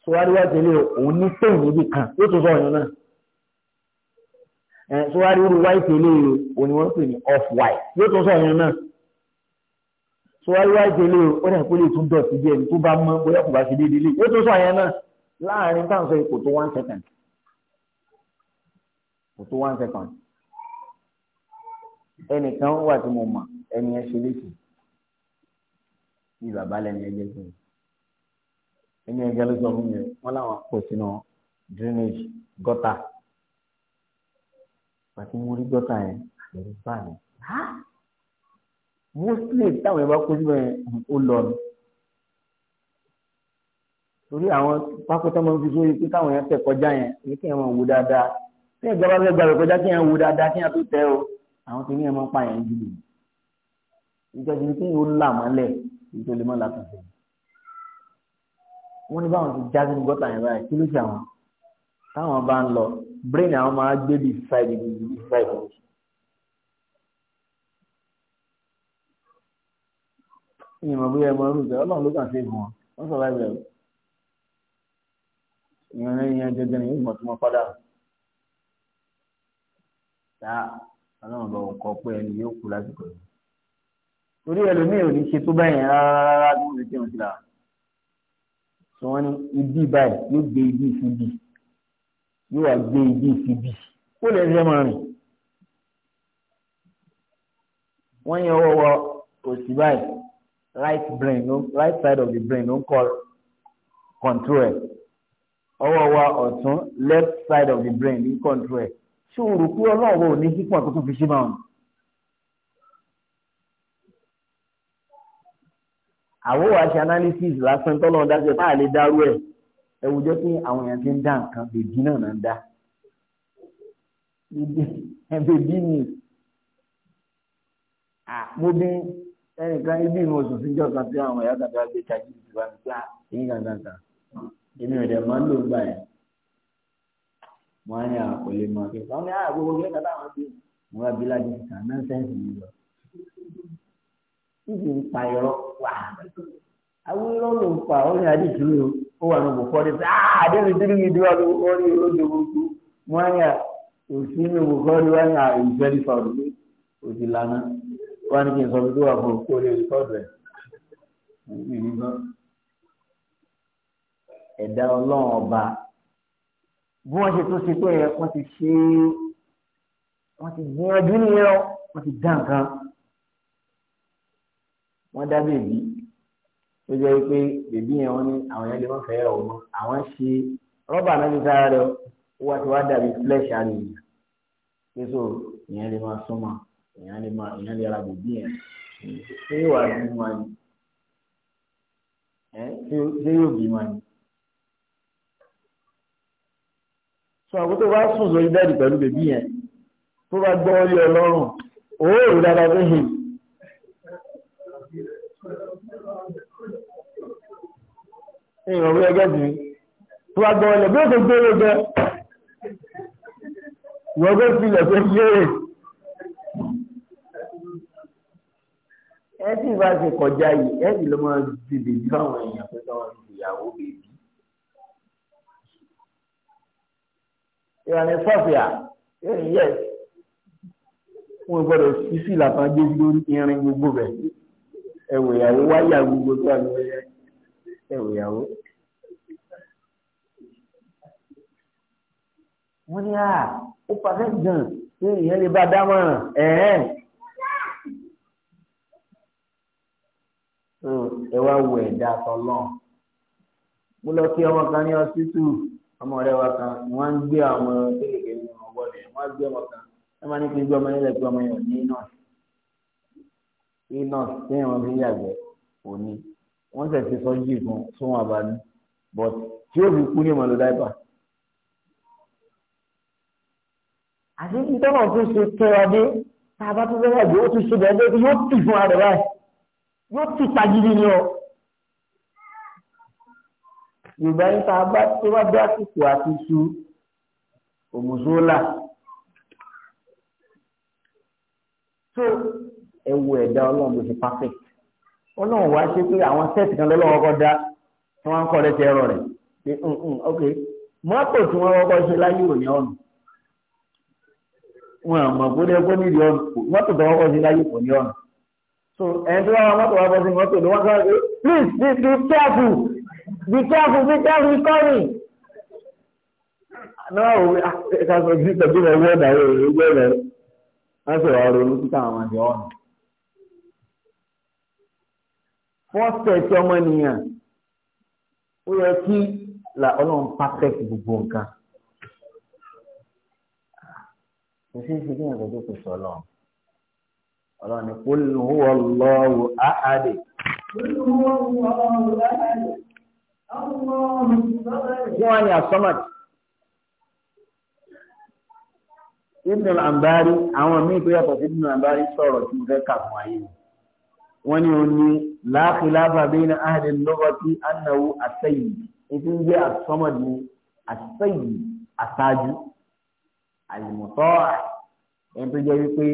tiwari white lè òun ní pain níbi kan yóò tó sọ yẹn náà sọ́wárí irú white eléyìí òní wọ́n pè ní off white yóò tún sọ yẹn náà sọ́wárí white eléyìí ó dẹ̀ kó lè tún dọ̀tí díẹ̀ ní tó bá mọ́ bóyá kò bá ṣe déédéé lé yóò tún sọ yẹn náà láàárín táwọn sọ ipò tó one second kò tó one second ẹnìkan wà tí mo mọ̀ ẹni ẹ ṣe léṣe ní bàbá lẹ́nu ẹgbẹ́ fún mi ẹni ẹgbẹ́ ló sọ fún mi wọ́n láwọn kò sínú drainage gutter pàtí mo rí gọ́tà yẹn àlẹ́rú bá mi. mostly táwọn yẹn bá kó síbẹ̀ ó lọ ni. torí àwọn pákótọ́ máa ń fi sórí pé káwọn yẹn tẹ̀ kọjá yẹn èyí kí wọ́n wo dáadáa tí ìjọba fẹ́ gbàgbé kọjá kí wọ́n wo dáadáa kí wọ́n tó tẹ́ o àwọn kìíní yẹn máa ń pa yẹn jù lọ. ìjọba ní kí yóò là mọ́lẹ̀ ètò lè má látàkì. wọ́n ní báwọn ti já sínú gọ́tà yẹn báyìí kí ló ṣe àwọn táwọn bá ń lọ brain àwọn máa gbé bí five bí bí five minutes. ìyẹn mọ̀ bóyá ẹmọ ọdún ìjọba ọlọ́run ló kàn sí ìfún wọn wọ́n sọ láì bẹ̀rù. ìyẹn náà ìyẹn jẹjẹ ní ìgbìmọ̀ tí wọ́n padà. tá ọlọ́run lọ kọ pé ẹni yóò kú lásìkò yìí. torí ẹlòmíì ò ní ṣe tó báyìí rárá bí wọ́n ti ń tẹ̀wọ̀n sí la. sọ wọ́n ní ibi báyìí yóò gbé ibi sí ibi yóò wá gbé ibi ìfibì kó lè fẹ́ máa rìn. wọ́n yẹn ọwọ́ wọ òsì báyìí right brain right side of the brain ló ń control ẹ̀ ọwọ́ wa ọ̀tún left side of the brain ní control ẹ̀ ṣé o rò pé ọlọ́wọ́ ò ní kíkọ́ tó tún fi ṣe máa ń. àwòwà ṣe analysis lásán tọ́lọ́ dáṣẹ́ tá lè dárú ẹ̀ ẹwùjọ́ tí àwọn èèyàn ti ń dá nǹkan bèbí náà náà ń dá bèbí ni mo bí ẹnìkan ibi ìmọ̀ oṣù síjọ́ kan tí àwọn ẹ̀yà kan tó wá gbé ṣáájú ti wá nípa èyí kankan kan èmi ò dẹ̀ máa ń lò gbà ẹ̀ wọ́n á ní àpò lè mọ akẹ́kọ̀ọ́ wọ́n ní àgbègbè ilé kan táwọn bí wọ́n bá bí láti ṣìkà náà sẹ́ǹsì yìí lọ. ìdí ń pa irọ́ wà àwọn ló ń pa ó ní adé ó wà ní bùkọ́rí pé àdéhùn tí nìyí dúró ní bùkọ́rí lóde gbogbo wọ́n yà òsì ní bùkọ́rí wọ́n yà ìfẹ́rí fàrù pé òsì lànà wọ́n ní kí n sọ pé tó wà fún òkú olè rìkọ́dù ẹ̀ ẹ̀dá ọlọ́run ọba bí wọ́n ṣe tó ṣe tó yẹ wọ́n ti ṣe wọ́n ti gbìyànjú nìyẹn wọ́n ti dá nǹkan wọ́n dá tó jẹ́ pé bèbí yẹn wọ́n ní àwọn yẹn lè má fẹ́ rọ̀ mọ́ àwọn ṣe rọ́bà náà ti sára rẹ̀ wá ti wá dàbí flesh àlèyé pé so ìyẹn lè máa súnmọ́ ìyẹn lè máa ìyẹn lè ra bèbí yẹn ṣé yóò wá bí wọn ni ṣé yóò bí wọn ni. sọ àwọn tó bá sùn lórí bẹ́ẹ̀dì pẹ̀lú bèbí yẹn tó bá gbọ́ ọ lé ọ lọ́rùn òórùn dáadáa tó hìn. èèyàn wí ẹgẹ́ jù tó wá gbọ́n lẹ̀ bí ó e tó gbére gẹ ìwọ́n tó filẹ̀ tó gbére ẹ sì bá ṣe kọjá yìí ẹ sì ló máa di bèbí àwọn èèyàn pé káwọn ti ìyàwó bèbí. ìrànlẹ́ sọ́fìà yẹ wọn gbọ́dọ̀ sí fìlà kan gbé lórí irin gbogbo rẹ̀ ẹ̀wẹ̀ ìyàwó wáyà gbogbo tó àgbẹ̀ yẹn ẹ̀wò ìyàwó. wọ́n ní à ó pàṣẹ gan ní ìyẹn lè bá dámọ̀ràn ẹ̀ẹ́n. ẹ wá wo ẹ̀dá tọ́lọ́ mo lọ kí ọmọ kan ní ọsítù ọmọ rẹ wa kan wọ́n ń gbé àwọn kéékèèké nínú ọgbọ́n rẹ̀ wọ́n gbé ọmọ kan ẹ máa ní kí n gbé ọmọ yẹn lẹ pé ọmọ yẹn ò ní iná iná tí wọ́n fi yàgbẹ́ òní wọ́n sẹ̀ ti sọ jí gan sóhun àbáni but tí yóò fi kú ní ìmọ̀lẹ́ dáìbà. àti ìtọ́nà tó ṣe kẹwàá dé tá a bá tún fẹ́ràn àgbẹ̀ ó tún ṣe bẹ́ẹ̀ bẹ́ẹ̀ yóò tì fún ara rẹ̀ yóò tì pagidi ni ọ. yorùbá yìí tá a bá tó bá dé àsìkò àti su òmùsọ́là. so ẹ wo ẹ̀dá ọlọ́run ló ṣe perfect ọlọ́run wá ṣe pé àwọn sẹ́ẹ̀tì kan lọ́lọ́wọ́ kọ́ dá tí wọ́n ń kọ́ lẹ́sẹ̀ ẹ̀rọ rẹ̀ pé ok mọ́tò tí wọ́n kọ́kọ́ ṣe láyé òní ọ̀nà wọn àmọ̀ gbọ́dọ̀ ẹgbẹ́ nídìí ọ̀nà mọ́tò tó kọ́kọ́ ṣe láyé òní ọ̀nà so ẹni tí wọ́n wá mọ́tò wá bọ́ sí mọ́tò ló wọ́n sọ pé please be be careful be careful be careful coming náà òwe ẹ̀ka sọ sí ìtọ́jú rẹ̀ wọ́ọ̀dà rẹ̀ wọ́ọ̀dà rẹ̀ wọ́n sì rọ̀ ọ́ fọ́sẹ̀ tí ọmọnìyàn ó yẹ kí là ọlọ́run perfect gbogbo nǹkan. kò sí ṣe kí nǹkan tó kù sọ ọlọ́run ọlọ́run ni kó lù ú ọlọ́run áhàdè. wọ́n ní àsọ́mọ̀tì. Ibn al-Ambari àwọn míì tó yàtọ̀ sí Ibn al-Ambari sọ̀rọ̀ tí mo fẹ́ kà fún ayé mi wọ́n ní o ní láàkìláfà bẹ́ẹ̀ ní ahàdì lọ́gọ́tì anáwó àtẹ́yì ètò ń jẹ́ àsọmọ̀dì àtẹ́yì àṣáájú àlùmọ̀tọ́ ẹni tó jẹ́ wípé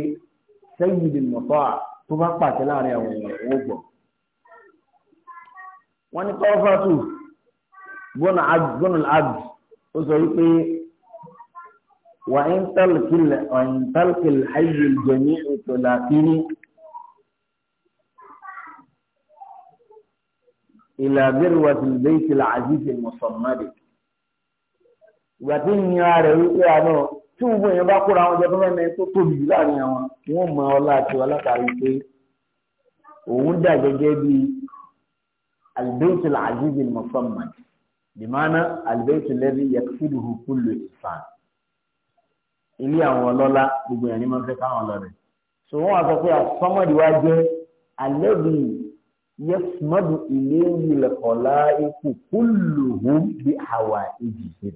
sẹ́yìn ìdìmọ̀tọ́ tó bá pàṣẹ láàrin àwọn èèyàn ó gbọ́. wọ́n ní tọ́fàtù gbọ́nà àbù ó sọ wípé wà ń tàlkìl àyè jẹ̀mí ètò làkínní. ìlà mẹ́rùwàtí lẹ́yìn ìlà àjíṣe mọ̀sánmádé. ìgbà tí ìyẹn ara rẹ̀ wípé àná tí gbogbo èèyàn bá kóra àwọn ọjọ́ mẹ́rin tó tóbi jù láàrin àwọn wọn mọ ọlá àti ọlátàrí pé òun dà gẹ́gẹ́ bí albẹ́tì àjíṣe mọ̀sánmádé bìmánà albẹ́tì lẹ́rí yẹtùdùhù kúlù ìsàn ilé àwọn ọlọ́lá gbogbo èèyàn ní máa ń fẹ́ káwọn lọ rẹ̀ sọ wọn wá sọ pé àsọmọdé wa jẹ́ alẹ́bìí yasmadu ilayhi al-khalaiqu kulluhum bi hawaijihim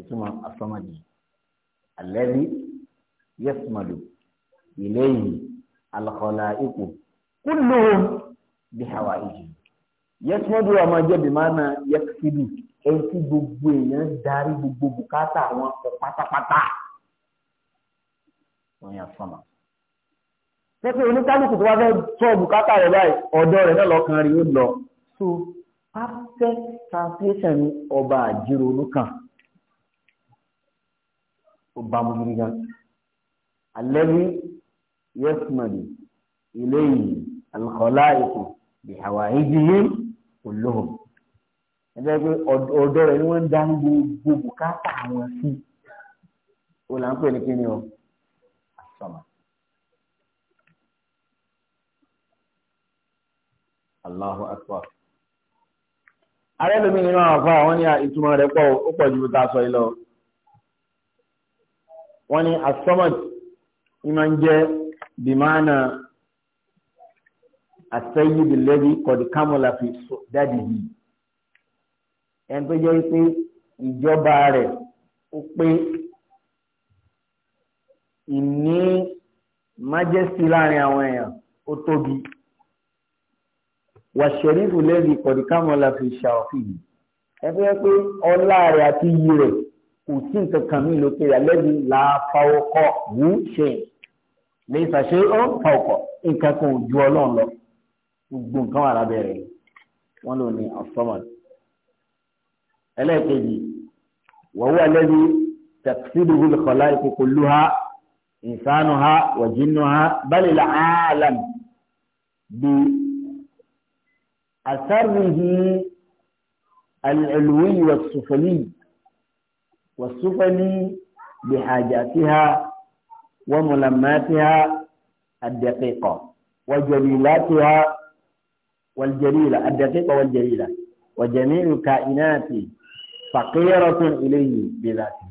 ìtumọ̀ asọ́mọdé alladhi yasmadu ilayhi al-khalaiqu kulluhum bi hawaijihim yasmadu wa máa jẹ́ bí máa na yasidu ẹni tí gbogbo èèyàn darí gbogbo bùkátà wọn pátápátá wọn yà sọ́mọdé pẹ́pẹ́ oníkálùkù tó wá fẹ́ tọ́ bùkátà rẹ̀ báyìí ọ̀dọ́ rẹ̀ náà lọ́kàn rí ó lọ so afẹ́ translation ní ọba àjírònú kan ó bá mu gidi gan alẹ́bí yẹ́sùmọ̀lì ilé yìí alùkọ́lá ètò ìhàwà ìdílé olóhùn ẹgbẹ́ pé ọ̀dọ́ rẹ̀ ni wọ́n ń dá gbogbo bùkátà wọn sí ó là ń pè ní kíni o àsọmọ. Allahu akbar. Ààrẹ lómi nínú àwọn afá wọ́n ní ìtumọ̀ rẹ̀ pọ̀ ó pọ̀ ju ta sọ ilọ̀. Wọ́n ní asọ́mọ̀t ní máa ń jẹ́ bìmánà àtẹ́yìdì lẹ́bí kọ̀dí kámọ́lá fi dáàdì yìí. Ẹni tó jẹ́ pé ìjọba rẹ̀ ó pé ìní májẹ́sí láàrin àwọn èèyàn ó tóbi wàṣẹ̀rífù lẹ́bi kọ̀díkàmọ́lá fi ṣàfihàn ẹ fi hàn pé ọlá rẹ̀ àti iyì rẹ̀ kò sí nǹkan kan mí lókè rẹ̀ lẹ́bi làáfàwọ́kọ̀ wù ṣe lè ṣàṣe ó ń fa ọkọ̀ nǹkan kan ò ju ọlọ́run lọ gbogbo nǹkan wà lábẹ́ rẹ̀ lò ní asọ́mọ̀d ẹlẹ́ẹ̀kejì wọ́wọ́ lẹ́bi tẹ̀sídù hulùkọ́lá ìkókò lùhà ìsánù ha wàjínú ha bal al bíi. أثره العلوي والسفلي والسفلي بحاجاتها وملماتها الدقيقة وجليلاتها والجليلة الدقيقة والجليلة وجميع الكائنات فقيرة إليه بذاته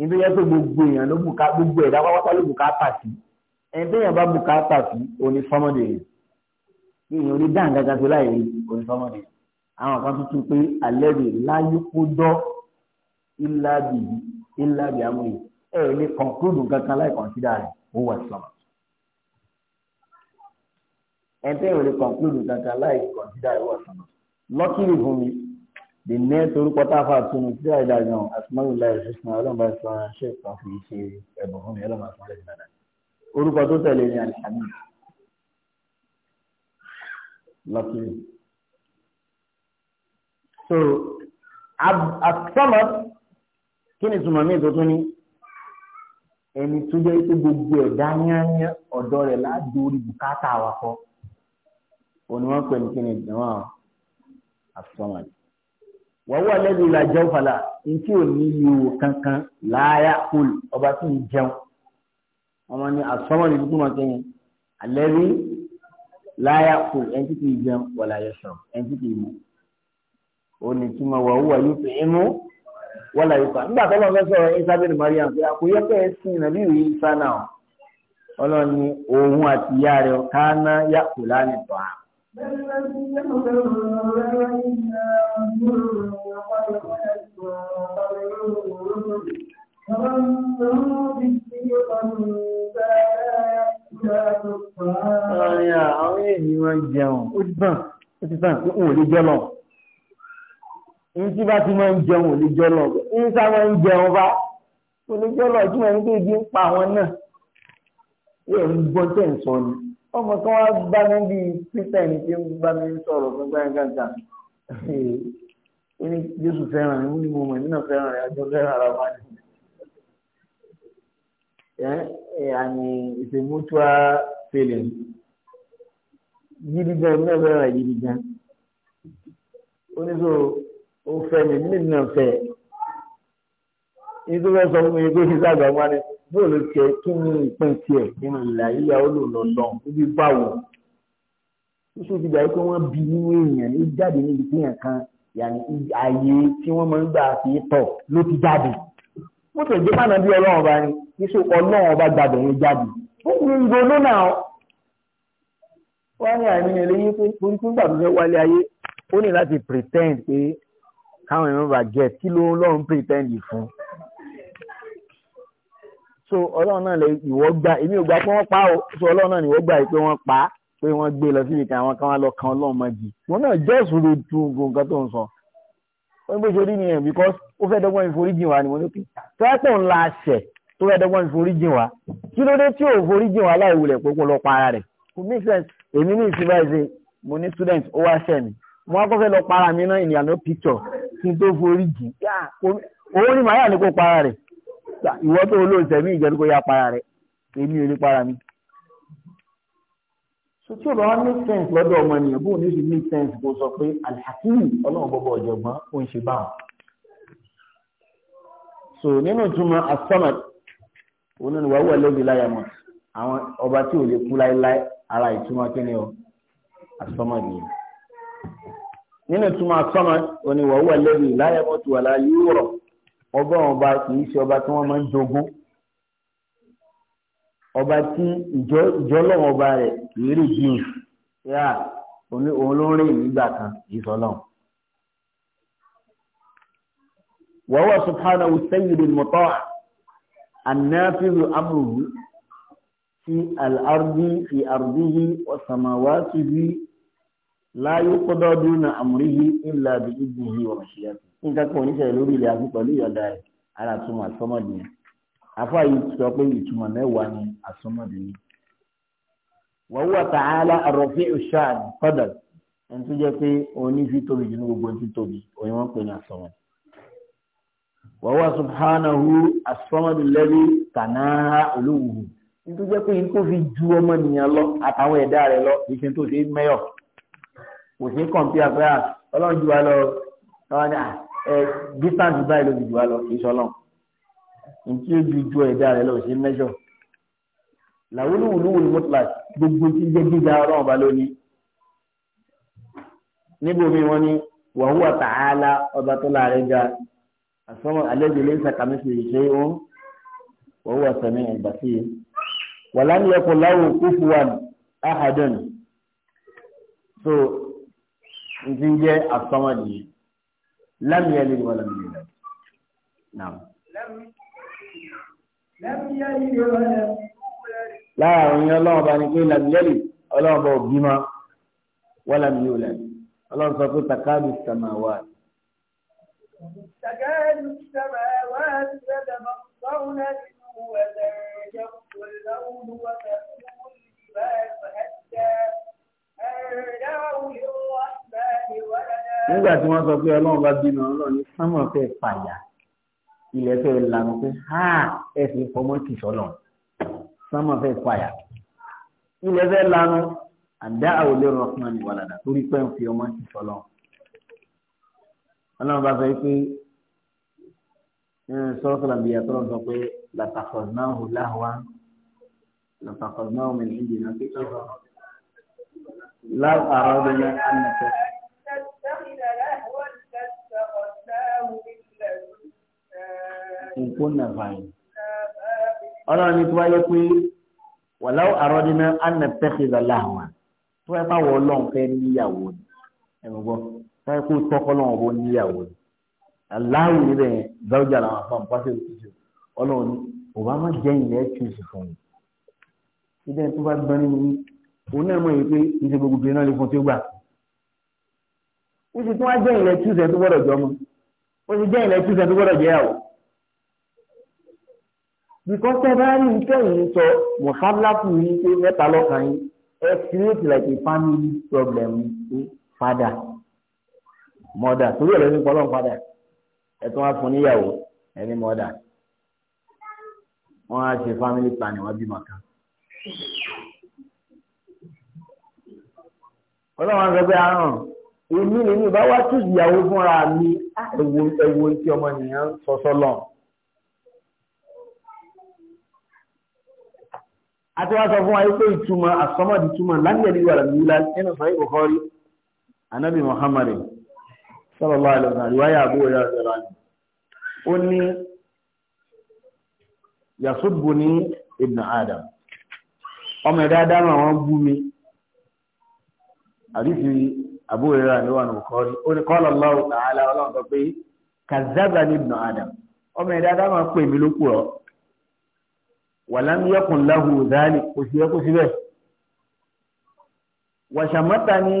níbi yẹn tó gbogbo èèyàn ló bùkà gbogbo ẹ̀dá pápátá ló bùkà pàṣí ẹni tó bí èèyàn rí dáhùn gàgà tó láì rí orin fọmọdé àwọn kan tuntun pé alẹ́ rè láyé kó dọ́ ìlàbì ìlàbì amúyè ẹ lè kọ̀ǹkúrùdù kankan láì kọ̀ǹsídà rẹ̀ ó wà sọ̀rọ̀ ẹ̀ńtẹ́ ò lè kọ̀ǹkúrùdù kankan láì kọ̀ǹsídà rẹ̀ ó wà sọ̀rọ̀ lọ́kìlì fún mi the next orúkọ tá a fà tún mi síra ìdájọ́ àtúmọ̀lù láì ṣùgbọ́n ọlọ́mọba ìṣọ́ ṣe kan fi ṣe ẹ̀bùn fún mi ọlọ́mọba ìṣọ́ lẹ́yìn dáadáa orúkọ luckily. So àtọ́mọ̀ kí ni túmọ̀ mí tuntun ni ẹni tó jẹ́ pé gbogbo ẹ̀dá yányá ọ̀dọ́ rẹ̀ ládùúrí bùkátà wa kọ́ òní wọ́n pè ní kí ni ìdánwò àtọ́mọ̀ wọ́n wà lẹ́nu ìlà jẹun ntí ò ní ihò kankan láyà kúl ọba tí ń jẹun ọmọ ní àtọ́mọ̀ ní tuntun kẹ́yìn alẹ́ rí láyà kù ẹni tí kìí jẹun wọlé ayọsàn ẹni tí kìí mu òní tí mo wà wúwa yóò fi imú wọlé ayọsàn nígbà tó lọ́n fẹ́ sọ̀rọ̀ isabel mariam pé àkóyẹ pé ẹsìn nàbí ìwé isa náà ọlọ́run ní òun àti ìyá rẹ̀ kánà yà kù lánìí tó hàn. Thank you. Àárín àwọn èyí wọ́n jẹun, ó ti tàn, ó ti tàn, ó lè jẹ́ lọ. Ní tí bá ti máa ń jẹun, ò lè jẹ́ lọ. Ní sá máa ń jẹun bá, ò lè jẹ́ lọ, jùmọ̀ ní kéèké ń pa àwọn náà. Yóò ń gbọ́ tẹ̀ ń sọ ni. Ọmọ kan wá bá mi bí Peter ní tí ń bá mi sọ̀rọ̀ fún gbáyàngàgà. Ó ní Jésù fẹ́ràn rẹ̀, ó ní mo mọ̀ nínú fẹ́ràn rẹ̀, àjọ fẹ́ràn ara wa ni yani eh, eh, it's a mutual feeling gidi gan náà fẹ́ràn gidi gan oníṣòwò ó fẹ́ mi níbi náà fẹ́ nítorí wọ́n sọ fún mi pé ṣíṣe àgbà wọn ni bóòlù tiẹ̀ kí ni ìpín tiẹ̀ nínú ìlà yíyá ó lò lọ lọ níbi báwo ṣíṣe ti gbà pé wọ́n bí nínú èèyàn ní jáde níbi tí èèyàn kan yàní ààyè tí wọ́n máa ń gbà fi tọ̀ ló ti jáde mo tẹ̀ jẹ́ bá nàbí ọlọ́run bá ní níṣó ọlọ́run ọba gbàgbọ́ yẹn jáde ó ń ronú náà wọ́n ní àìní eléyìí pé torí tó ń gbà tó fẹ́ wálé ayé ó ní láti pretend pé káwọn èèyàn bá jẹ kí ló ń lọ́run pretend fún so ọlọ́run náà lè ìwọ gbà èmi ò gbà pé wọ́n pa ó so ọlọ́run náà ni ìwọ gbà pé wọ́n pa á pé wọ́n gbé lọ síbi kan àwọn kan wá lọ kan ọlọ́run mọ́ jì wọn náà jẹ́ ìṣòro tu nǹkan tó ń sọ wọ́n bó ṣe rí nìyẹn because ó fẹ́ dọ́gbọ́n ìforíjì wa ni wọ́n lókè tó yẹ pé òun la ṣẹ̀ tó fẹ́ dọ́gbọ́n forí jìn wá kí ló dé tí ò forí jìn wá láì wulẹ̀ pé kó lọ para rẹ̀ kò make sense èmi ní ìsinmi àìsè mo ní student ó wá ṣẹ̀ mi mo wá kó fẹ́ lọ para mi náà ìnìyàn ló picture kí n tó forí jìn òun ni màáyà ni kó para rẹ̀ ìwọ tó olóòṣè mi ìjẹ́ kó yá para rẹ̀ èmi ò ní para mi. so tí o bá wá make sense lọ́dọ̀ ọmọ ènìyàn bóun ní ṣe make sense kó sọ pé alhakim ọlọ́run bọ́bọ̀ ọ̀jọ̀gbọ́n ó ń ṣe báwọn. so nínú ìtumọ̀ asamad òun náà ni wàá wà lẹ́bi láyà mọ̀ àwọn ọba tí ò lè kú láéláé ara ìtumọ̀ kíni o asọ́mọ̀ nìyẹn nínú ìtumọ̀ asọ́mọ̀ òní wàá wà lẹ́bi láyà mọ̀ tó wà láyé yúrọ̀ ọba ọba kì í ṣe ọba tí wọ́n máa ń jogún ọba tí ìjọ lọ́wọ́ ọba rẹ̀ kì rí bíi yá òun ló ń rìn nígbà kan ìsọlọ́run. wàá wà subhanahu sayyidul muta'a annafizu amruhu fi al'ardi fi ardihi wa samawatihi la yuqda duna amrihi illa bi idnihi wa mashiati nǹkan kan oníṣẹ́ lórí ilẹ̀ àti pẹ̀lú ìyọ̀dá rẹ̀ ara àtúmọ̀ àsọmọ̀dì ni àfáà yìí sọ pé ìtumọ̀ mẹ́wàá ni àsọmọ̀dì ni. wa huwa ta'ala ar-rafi'u ash-sha'ni qadar ẹni tó jẹ́ pé onífi tóbi jù ní gbogbo ti tóbi òun wọ́n pè ní àsọmọ̀dì wàhùwà subhanahu asọ́mọdù lẹ́bí tànáhà olówùhù nítorí jẹ́ pé nǹkan fi ju ọmọnìyàn lọ àtàwọn ẹ̀dá rẹ̀ lọ kì í ṣe tó ṣe mẹ́yọ̀ kò ṣe kọ̀ǹpì àpẹ́yà ọlọ́run ju wa lọ distance báyìí ló fi ju wa lọ kì í ṣọlọ́ ó ju ju ẹ̀dá rẹ̀ lọ kò mẹ́ṣọ̀ làwọn ni mọ́tòlá gbogbo tí jẹ́ gíga ọlọ́run ọba lónìí níbo mi wọ́n ní wàhùwà tààlà ọba tó láàrin ga الصمد الذي ليس كمثله شيء وهو السميع البصير ولم يكن له كفوا أحد so nti n jẹ asọmọ di lam yalid wa lam yulad naam. láàrin ọlọ́run bá ní pé lam yalid ọlọ́run bá òbí ma wa lam yulad ọlọ́run sọ pé takadu samawat تكاد السماوات يتمطرن منه وتنشق الأرض وتكون الجبال هدا أن دعوا للرحمن ولدا nígbà tí wọ́n sọ pé ọlọ́run bá bínú ọlọ́run ní sánmọ̀ fẹ́ fàyà ilẹ̀ fẹ́ lanu pé ha ẹ sì fọmọ́ kì sọ́lọ̀ sánmọ̀ fẹ́ fàyà ilẹ̀ fẹ́ lanu àdá àwòlé ọ̀rọ̀ fún wa ní wàlàdà torí pé ń fi ọmọ kì sọ́lọ̀ ọlọ́run bá sọ pé sọ́rọ́ kàlàbíyà tọ́lọ́ sọ pé làtàkọ̀ọ́nàhùn láhùá làtàkọ̀ọ́nàhùn min indina kí tó sọ. láwù àrà ọdún yẹn á nà tẹ. nǹkan nà báyìí. ọlọ́run ní tí wáyé pé wàláwù àrà ọdún á nà tẹ́kìlá láhùá tí wọ́n bá wọ ọlọ́run fẹ́ níyàwó ẹ̀rọ gbọ́ sáyẹ kó tọ́kọ́ lọ́wọ́ bó níyàwó ni aláwọ̀ níbẹ̀ gbáwójà làwọn afọ àpáṣẹ òtútù ọlọ́run ni òbá má jẹ́yìn lẹ́ẹ̀ tù sí fún mi. ìdá tó bá gbọ́n nínú yín òun náà mọ̀ yìí pé ìṣe gbogbo obìnrin náà lè fún tí ó gbà. ó sì tún wá jẹ́yìn lẹ́ẹ̀ tù sẹ́ tó gbọ́dọ̀ jọ mọ́ ó sì jẹ́yìn lẹ́ẹ̀ tù sẹ́ tó gbọ́dọ̀ jẹ́ àwọ̀. bìkọ́ sẹ́dáárì ń kẹ́yìn sọ mọ̀háláfù yín pé mẹ́ta lọ́kàn yín ẹ create like a family mọ́dà torí ẹ̀rọ nípa ọlọ́run padà ẹ̀tún wá fún níyàwó ẹni mọ́dà wọ́n á ṣe family planning wọ́n bímọ kan. ọlọ́run á sọ pé àrùn èmi nìyí bá wá tún ìyàwó fúnra mi ẹ̀wò ah, ẹ̀wò tí ọmọ nìyẹn sọ sọ́lọ̀. àti wá sọ fún wa pé ìtumọ̀ àsọmọ́dì túmọ̀ láńgẹ̀lì wà lóla nínú sọ́yìn kòkọ́rí anábì muhammadin sallallahu alaihi wasallam riwaya Abu Hurairah ni ó ní yasubu ní ibn Adam ọmọ ẹ̀dá dáhùn àwọn bú mi àdìsí Abu Hurairah ni wà ní Bukhari ó ní qala Allah ta'ala ọlọ́run sọ pé kàzábà ní ibn Adam ọmọ ẹ̀dá dáhùn àwọn pè mí ló kù ọ́ wàlámi yẹkùn láhùn záàlì kò sí ẹkú síbẹ̀ wàṣàmọ́ta ní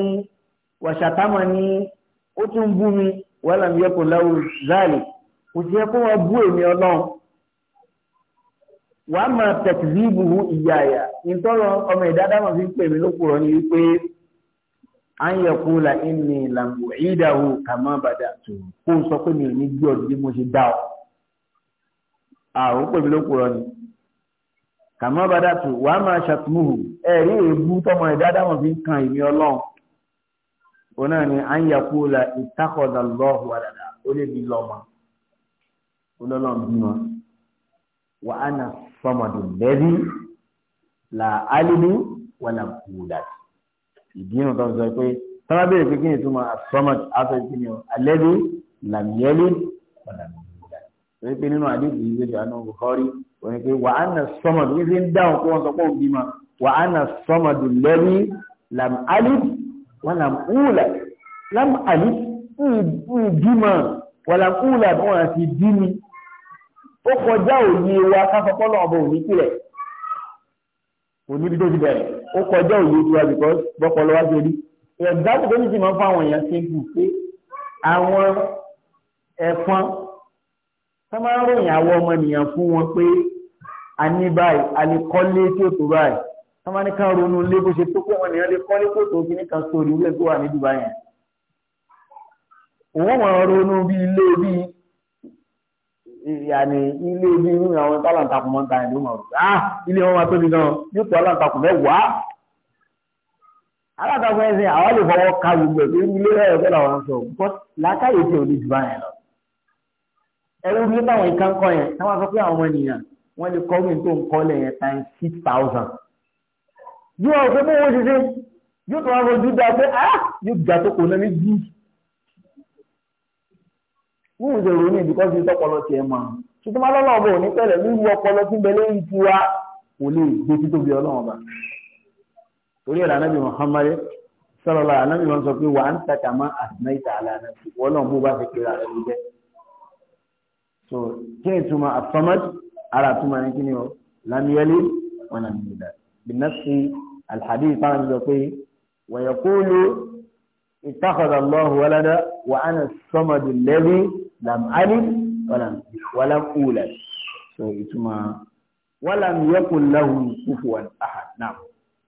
wàṣàtámọ́ ní ó tún bú mi wàhálà mi yẹ kó záàlì kò sí yẹ kó bú èmi ọlọ́run wàá máa tẹ̀sí ìbùhù ìyá àyà ìtọ́rọ ọmọ ìdádámọ̀ fi ń pè mí lókùrọ̀ ni wípé an yẹ kú la inni làǹgù ìdáhù kàmá bàdà tó kó sọ pé mi ò ní gbé ọdún bí mo ṣe dá ọ àwọn pè mí lókùrọ̀ ni kàmá bàdà tó wàá máa ṣàtúmùhù ẹ̀rí èébú tọmọ ìdádámọ̀ fi ń kan ìmí ọlọ́run òun náà ni à ń yàkú la ìtàkọ̀dà lọ́hù àdàdà ó lè bí lọ́mọ olólùwà bímọ wà á nà sọmọdún lẹ́bí là álìlú wà nà kúlà ìdí inú tó ń sọ pé tọ́lá bèrè pé kí ni túmọ̀ àsọmọdún aṣọ ìpínlẹ̀ alẹ́bí làmìẹ́lì wà nà kúlà torí pé nínú àdéhùn yìí lórí àánú Bukhari òun pé wà á nà sọmọdún ní fi ń dáhùn kó wọn sọ pé òun bímọ wà á nà sọmọdún lẹ́bí làmìẹ́lì wàlàm ùlà lam àlí ìbímọ wàlàm ùlà bí wọ́n ti bí mi ó kọjá òye wa káfọ́pọ́lọ́ ọba òní kílẹ̀ òní bí tó ti bẹ̀rẹ̀ ó kọjá òye tiwa bìkọ́ bọ́pọ̀lọ́ wá ṣe rí ẹ̀dáàbò tó ní ti máa ń fáwọn èèyàn ṣe ń bù pé àwọn ẹ̀fọn tó máa ń ròyìn àwọn ọmọnìyàn fún wọn pé a ní báyìí a lè kọ́lé tí ó tó báyìí wọ́n máa ní ká ronú lé bó ṣe tó kó wọn nìyẹn lè kọ́ lé tó kí ní kan sórí ilé tó wà ní Dubai yẹn òun máa ronú bí ilé bí yàní ilé bí nínú àwọn tálàntakùn mọ́ta ẹ̀ ló máa rò ah ilé wọn máa tóbi gan yóò tó aláǹtakùn mẹ́wàá aláǹtakùn ẹ̀sìn àwọn lè fọwọ́ ka gbogbo ẹ̀ ilé rẹ̀ ọ̀gẹ́ làwọn sọ but làákàyè tí ò ní jù bá yẹn lọ ẹ̀rú bí táwọn ìka ń kọ́ yẹn táwọn sọ pé àwọn ènìyàn wọ́n lè kọ́ six thousand yóò wọ́n pé bóun ṣe ṣe yóò tó wá fojú dá pé á ah! yóò gbà tó kò náà ní bí. wọ́n ń ṣèrò ní ìdíkọ́ sí tọpọlọ tiẹ̀ mọ́ ṣùgbọ́n alọ́lọ́ ọba òní pẹ̀lẹ́ wíwu ọpọlọ tí ń bẹ lẹ́yìn tiwa kò lè gbé títóbi ọlọ́run ọba. torí ẹ̀rọ anábì Muhammad sọlọ́lá anábì wọn sọ pé wà á ń tàkà mọ́ àtúnáìtà àlànà náà bó so kí ni túmọ̀ àfọmọ́d ara túmọ̀ ní kí ni o lámìyẹ́lì wọn làmìyẹ́lì náà alhadith fáwọn sọ pé wàyẹ̀kúlù ittakhadha Allahu walada wa ana as-samadu alladhi lam alif wa lam ulad so ìtumọ̀ walam yakun lahu kufuwan ahad náà.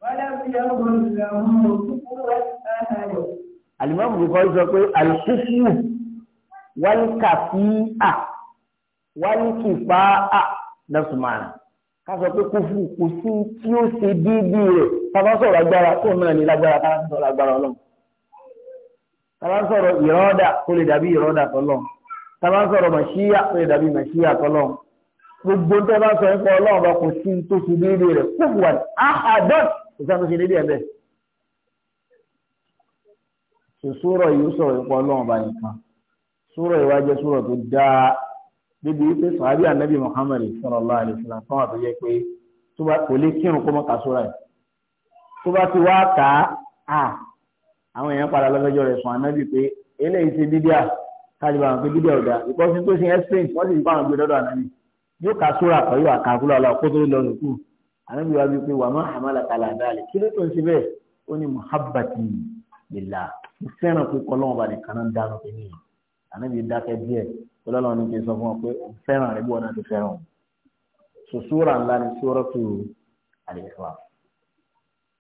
walam yakun lahu kufuwan ahad. alimami bukari sọ pé alikufu walikafi a walikifa a nasumana ká sọ pé kófù kò sí tí ó ṣe déédéé rẹ̀ tábà sọ̀rọ̀ agbára tó náà ní lágbára tábà sọ̀rọ̀ agbára ọlọ́run tábà sọ̀rọ̀ ìrọ́dà kó lè dàbí ìrọ́dà tọ́lọ́run tábà sọ̀rọ̀ màṣíyà kó lè dàbí màṣíyà tọ́lọ́run gbogbo tó bá sọ nípa ọlọ́run bá kò sí tó ṣe déédéé rẹ̀ kófù wà ní àhàdọ́t kò sáà tó ṣe déédéé ẹ̀ bẹ́ẹ̀. sòsúrọ̀ yìí sọ̀rọ̀ nípa ọlọ́run bá nìkan sòrọ̀ ìwájẹ́ sòrọ̀ tó dáa débi wípé sàábì ànábì Muhammad sallallahu alaihi wasallam fún àtúnyẹ pé tó bá kò lè kírun kó mọ kàṣúra ẹ tó bá ti wá kà á àwọn èèyàn padà lọ́gẹ́jọ́ rẹ̀ fún ànábì pé eléyìí ti dídíà káàdì bá wọn pé dídíà ọ̀dà ìkọ́sí tó ṣe ẹ́sìn wọ́n sì bá wọn gbé dọ́dọ̀ ànábì yóò kà sóra kọ́ yóò kà kúlọ̀ ọlọ́ọ̀ kó tó lọ nùkú ànábì wa bí pé wàmú àmàlà kàlà dáàlì kí ló ọlọ́run ní kí n sọ fún wọn pé fẹ́ràn rẹ̀ bí wọn náà ti fẹ́ràn so súra ńlá ni súratu al-Ikhlas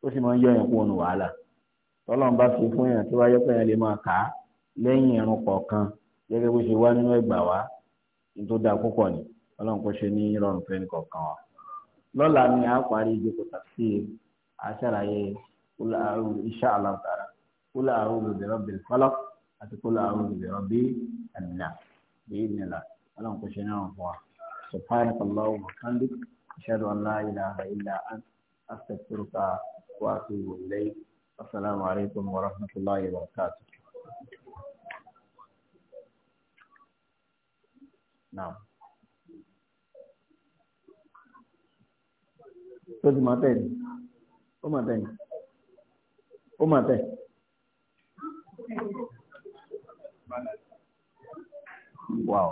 ó sì máa ń yọ yẹn kó nu wàhálà tọ́lọ́run bá fi fún yẹn tó bá yẹ pé yẹn lè máa kà á lẹ́yìn ẹ̀rùn kọ̀ọ̀kan gẹ́gẹ́ bó ṣe wá nínú ẹgbà wá ní tó dáa púpọ̀ ni ọlọ́run kò ṣe ní rọrùn fẹ́ni kọ̀ọ̀kan wa lọ́la ni a parí ìjókòó tàbí àṣàlàyé kúlà àrùn olùdẹ̀rọ̀ bẹ̀rẹ̀ باذن الله اللهم كن شيئا سبحانك اللهم وبحمدك اشهد ان لا اله الا انت استغفرك واتوب اليك السلام عليكم ورحمة الله وبركاته نعم tó ti máa tẹ̀ ní ó máa tẹ̀ ní ó Wow.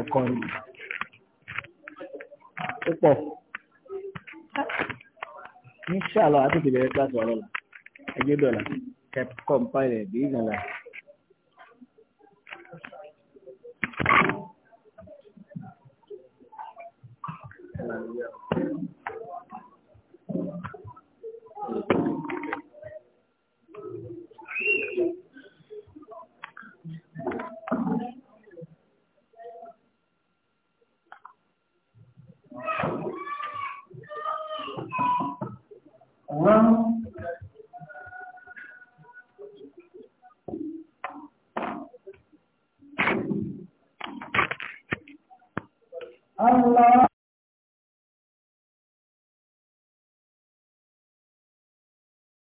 Ẹ̀kọ́ ni. Ó pọ̀. Ní ṣàlọ́ àti ìbẹ̀rẹ̀ kíláàsì ọ̀rọ̀ la. Ẹgbẹ́ dọ̀là. Kẹ́pkọ̀m pàìlẹ̀ bí ìgbàlá. Thank you. Well, Allah